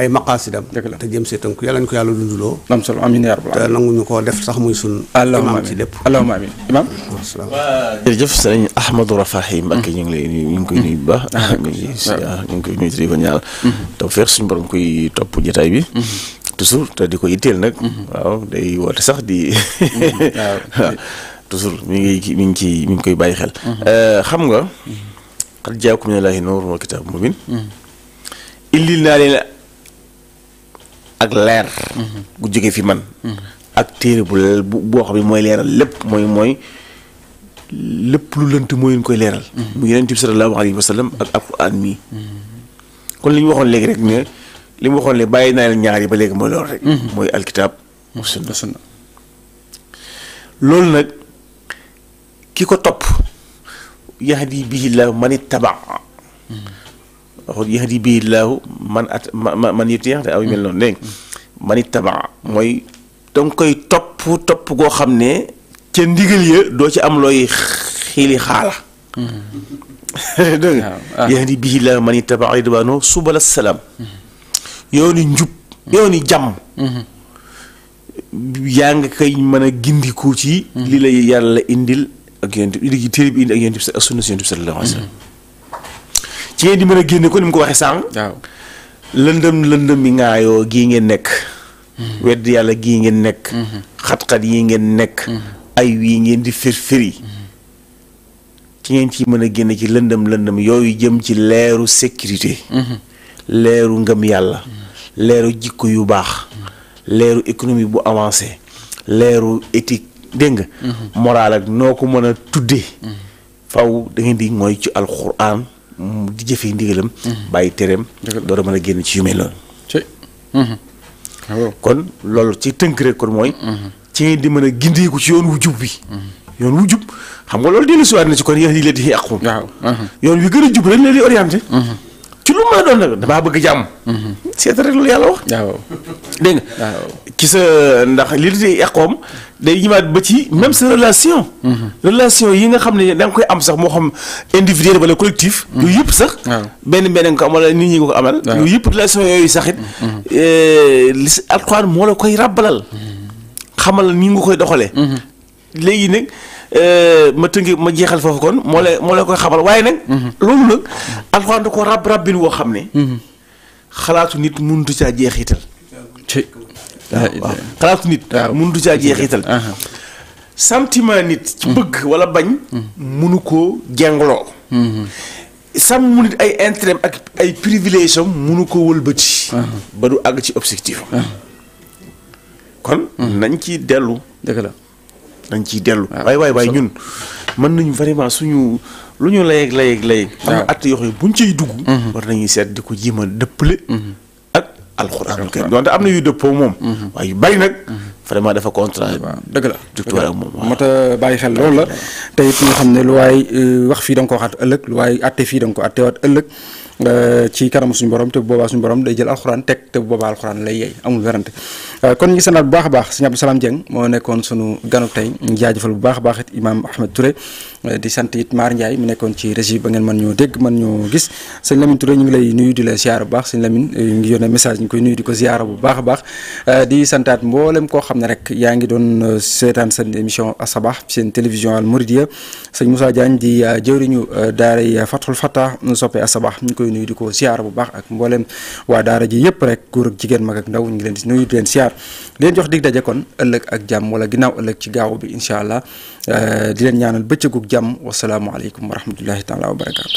ay maqaasidam te jëm see tënku yàlla ñu ko yàlla dunduloo am solo amiin yaa rabbal te nanguñu koo def sax muy sun imaam ci lépp allahumma amiin imaam jërëjëf sëriñ Ahmadou Rafahi Mbacke ñu ngi ñu ngi koy nuyu bu baax ah, ñu ngi koy nuyu di ko ñaal mhm. taw feex suñu borom koy topp jotaay bi mhm. toujours te di ko yitteel nag mhm. waaw day woote sax di waaw toujours mi mi ci mi ngi koy bàyyi xel euh, xam nga qad jaakum minallaahi nuurun wa kitaabun mubiin illil naa leen ak leer gu jóge fi man ak téere bu boo xam ne mooy leeral lépp mooy mooy lépp lu lënt mooy ñu koy leeral mu yonent bi salallaahu alayhi wa sallam ak alquraan mii kon li ñu waxoon léegi rek ne li mu waxoon léegi bàyyi naa leen ñaar yi ba léegi mooy loolu rek mooy alkitaab sunna sunna loolu nag ki ko topp yahdi bihi llaahu man ittaba waxul yahdi bihi llaahu man at ma man yutiix te ah, aw mel noonu dégg man ittaba mooy danga koy topp topp goo xam ne ca ndigal ya doo ci am looy xiili xaala dégg nga ah. yahdi bihi llaahu man ittaba ridwaanu subala salaam yooni njub yooni jàmm yaa nga koy mën a gindiku ci mm-hmm. li la yàlla indil ak bi téere bi indi ak yonent ci ngeen di mën a génne ko ni mu ko waxee sànq. waaw lëndëm lëndëm mi ngaayoo gii ngeen nekk. Mm-hmm. wedd yàlla gii ngeen nekk. Mm-hmm. xat-xat yi ngeen nekk. Mm-hmm. ay wii ngeen di firfiri. ci ngeen ci mën a génne ci lëndëm lëndëm yooyu jëm ci leeru sécurité. leeru ngëm yàlla. leeru jikko yu baax. leeru économie bu avancé. leeru éthique. dégg nga. moral ak noo ko mën a tuddee. faw da di mooy ci alxuraan di jëfee ndigalam. bàyyi tereem. door a mën a génn ci yu mel noonu. Mhm. kon loolu ci tënk rek kon mooy. Mhm. ci ngeen di mën a gindeeku ci yoon wu jub bi. Mhm. yoon wu jub xam nga loolu dellusiwaat na ci kon yéen a di yàqu. yoon wi gën a jub rek la di orienté. ci lu ma doon nag damaa bëgg jàmm. Mm-hmm. seet rek lu yàlla wax. waaw dégg nga. ci sa ndax li di yàqoom day ñëwaat ba ci même sa relation. Mm-hmm. relation yi nga xam ne da nga koy am sax moo xam individuel wala collectif. Mm-hmm. yooyu yëpp sax. benn benn nga ko am ñi nga ko amal. yooyu yëpp relation yooyu sax it. Eh, li si alxuraan moo la koy ràbbalal. xamal ni nga koy doxalee. léegi nag. Euh, ma tënk ma jeexal foofu kon moo lay moo lay koy xamal waaye nag. Mhm. loolu nag alxuraan da ko rab rab woo xam ne. Mhm. xalaatu nit mënut caa jeexital. waaw xalaatu nit. waaw mënut caa jeexital. ci mhm. bëgg wala bañ. mënu koo jengloo. sàmm mu nit ay intérêt ak ay privilège am mënu ko wëlbati. ba du àgg ci objectif kon nañ ci dellu dëgg dañ ciy dellu. waaye ah, waaye waaye ñun mën nañu vraiment suñu lu ñu layeeg layeeg layeeg. waaw ah. am na at yoo xam ciy dugg. Mhm. war nañuy seet di ko jéem a dëppale. Mhm. ak alxuraan kay donte am na yu dëppoo moom. Mhm. waaye yu bari nag. vraiment dafa contrat. Ah, waaw dëgg la dëgg la moo tax bàyyi xel loolu la. tey it ñu xam ne lu waay euh, wax fii da nga wax waxaat ëllëg lu waay àtte fii da nga ko àtteewaat ëllëg. Euh, ci kanamu suñu borom te bu boobaa suñu borom day jël alxuraan teg te bu boobaa alxuraan lay yeey amul werante euh, kon ñu sanaat bu baax baax sëñ Abdou Salaam Dieng moo nekkoon suñu ganu tey jaajëfal bu baax a baax it imaam euh, mu nekkoon ci régie ba ngeen mën ñoo dégg mën ñoo gis sëñ Lamine Touré ñu ngi lay nuyu di la ziar bu baax sëñ Lamine ñu ngi yónnee nuyu di ko ziar bu baax a baax di santaat mboolem koo xam ne rek yaa ngi doon seetaan seen émission Asabah seen télévision Al Mouridiyyah sëñ Moussa Diagne di jëwriñu daaray Fathul Fatah soppe Asabah koy nuyu di ko siyaar bu baax ak mboolem waa daara ji yëpp rek góor ak jigéen mag ak ndaw ñu ngi leen di nuyu di leen siyaar leen jox dig daje kon ëllëg ak jàmm wala ginnaaw ëllëg ci gaaw bi incha allah euh, di leen ñaanal bëccëgu jàmm wasalaamualeykum wa rahmatullahi taala wa barakaatu.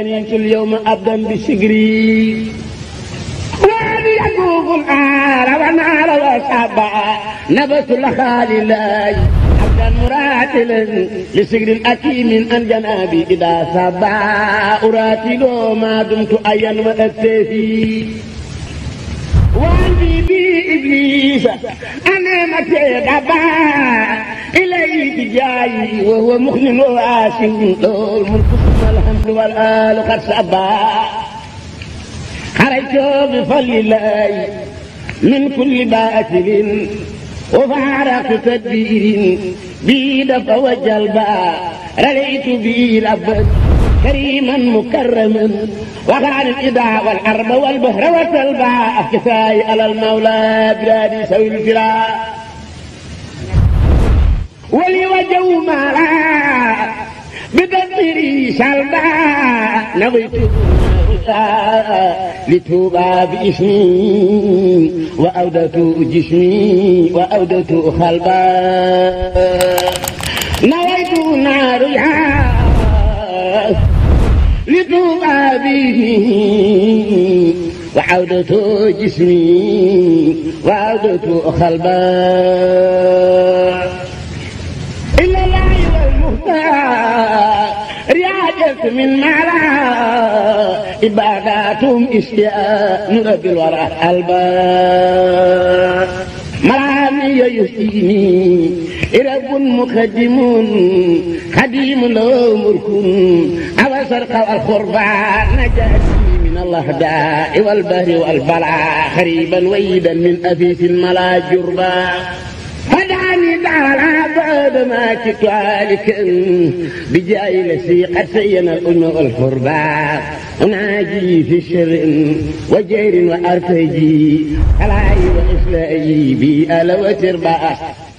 بنيت اليوم أبدا بسجري وأن يطوف الآل ونار وصبا نبت لخال الله عبدا مراتلا لسجر الأكيم أن جنابي إذا صبا أراتل ما دمت أيا وأتيه وأني بإبليس أنا متي غبا إليه بجاي وهو مؤمن وعاش له الملك والحمد والآل قد سبا خرجت بفضل الله من كل باتل وفارق تدبير بي دفع وجلبا رليت به الأبد كريما مكرما وقع الإداء والحرب والبهر والسلبا أفكساي على المولى بلادي سوي الفلاح ولي وجه مرا بدمري سلبا نويت لتوبى باسمي وأودت جسمي وأودت خلبا نويت نار لتوبى به وعودة جسمي وعودة خلبا رياجت من معلا عباداتهم إشياء رب الورى الباء مرامي يسيني رب مقدم قديم له ملك أبصر قوى القربان نجاتي من اللهداء والبهر والبلاء خريبا ويدا من أبيس الملا جربا فدعا تعالى بعد ما تتوالك بجاي لسيقة سينا الأنو الحرباء ناجي في شر وجير وأرتجي خلاي وإسلائي بي ألا وترباء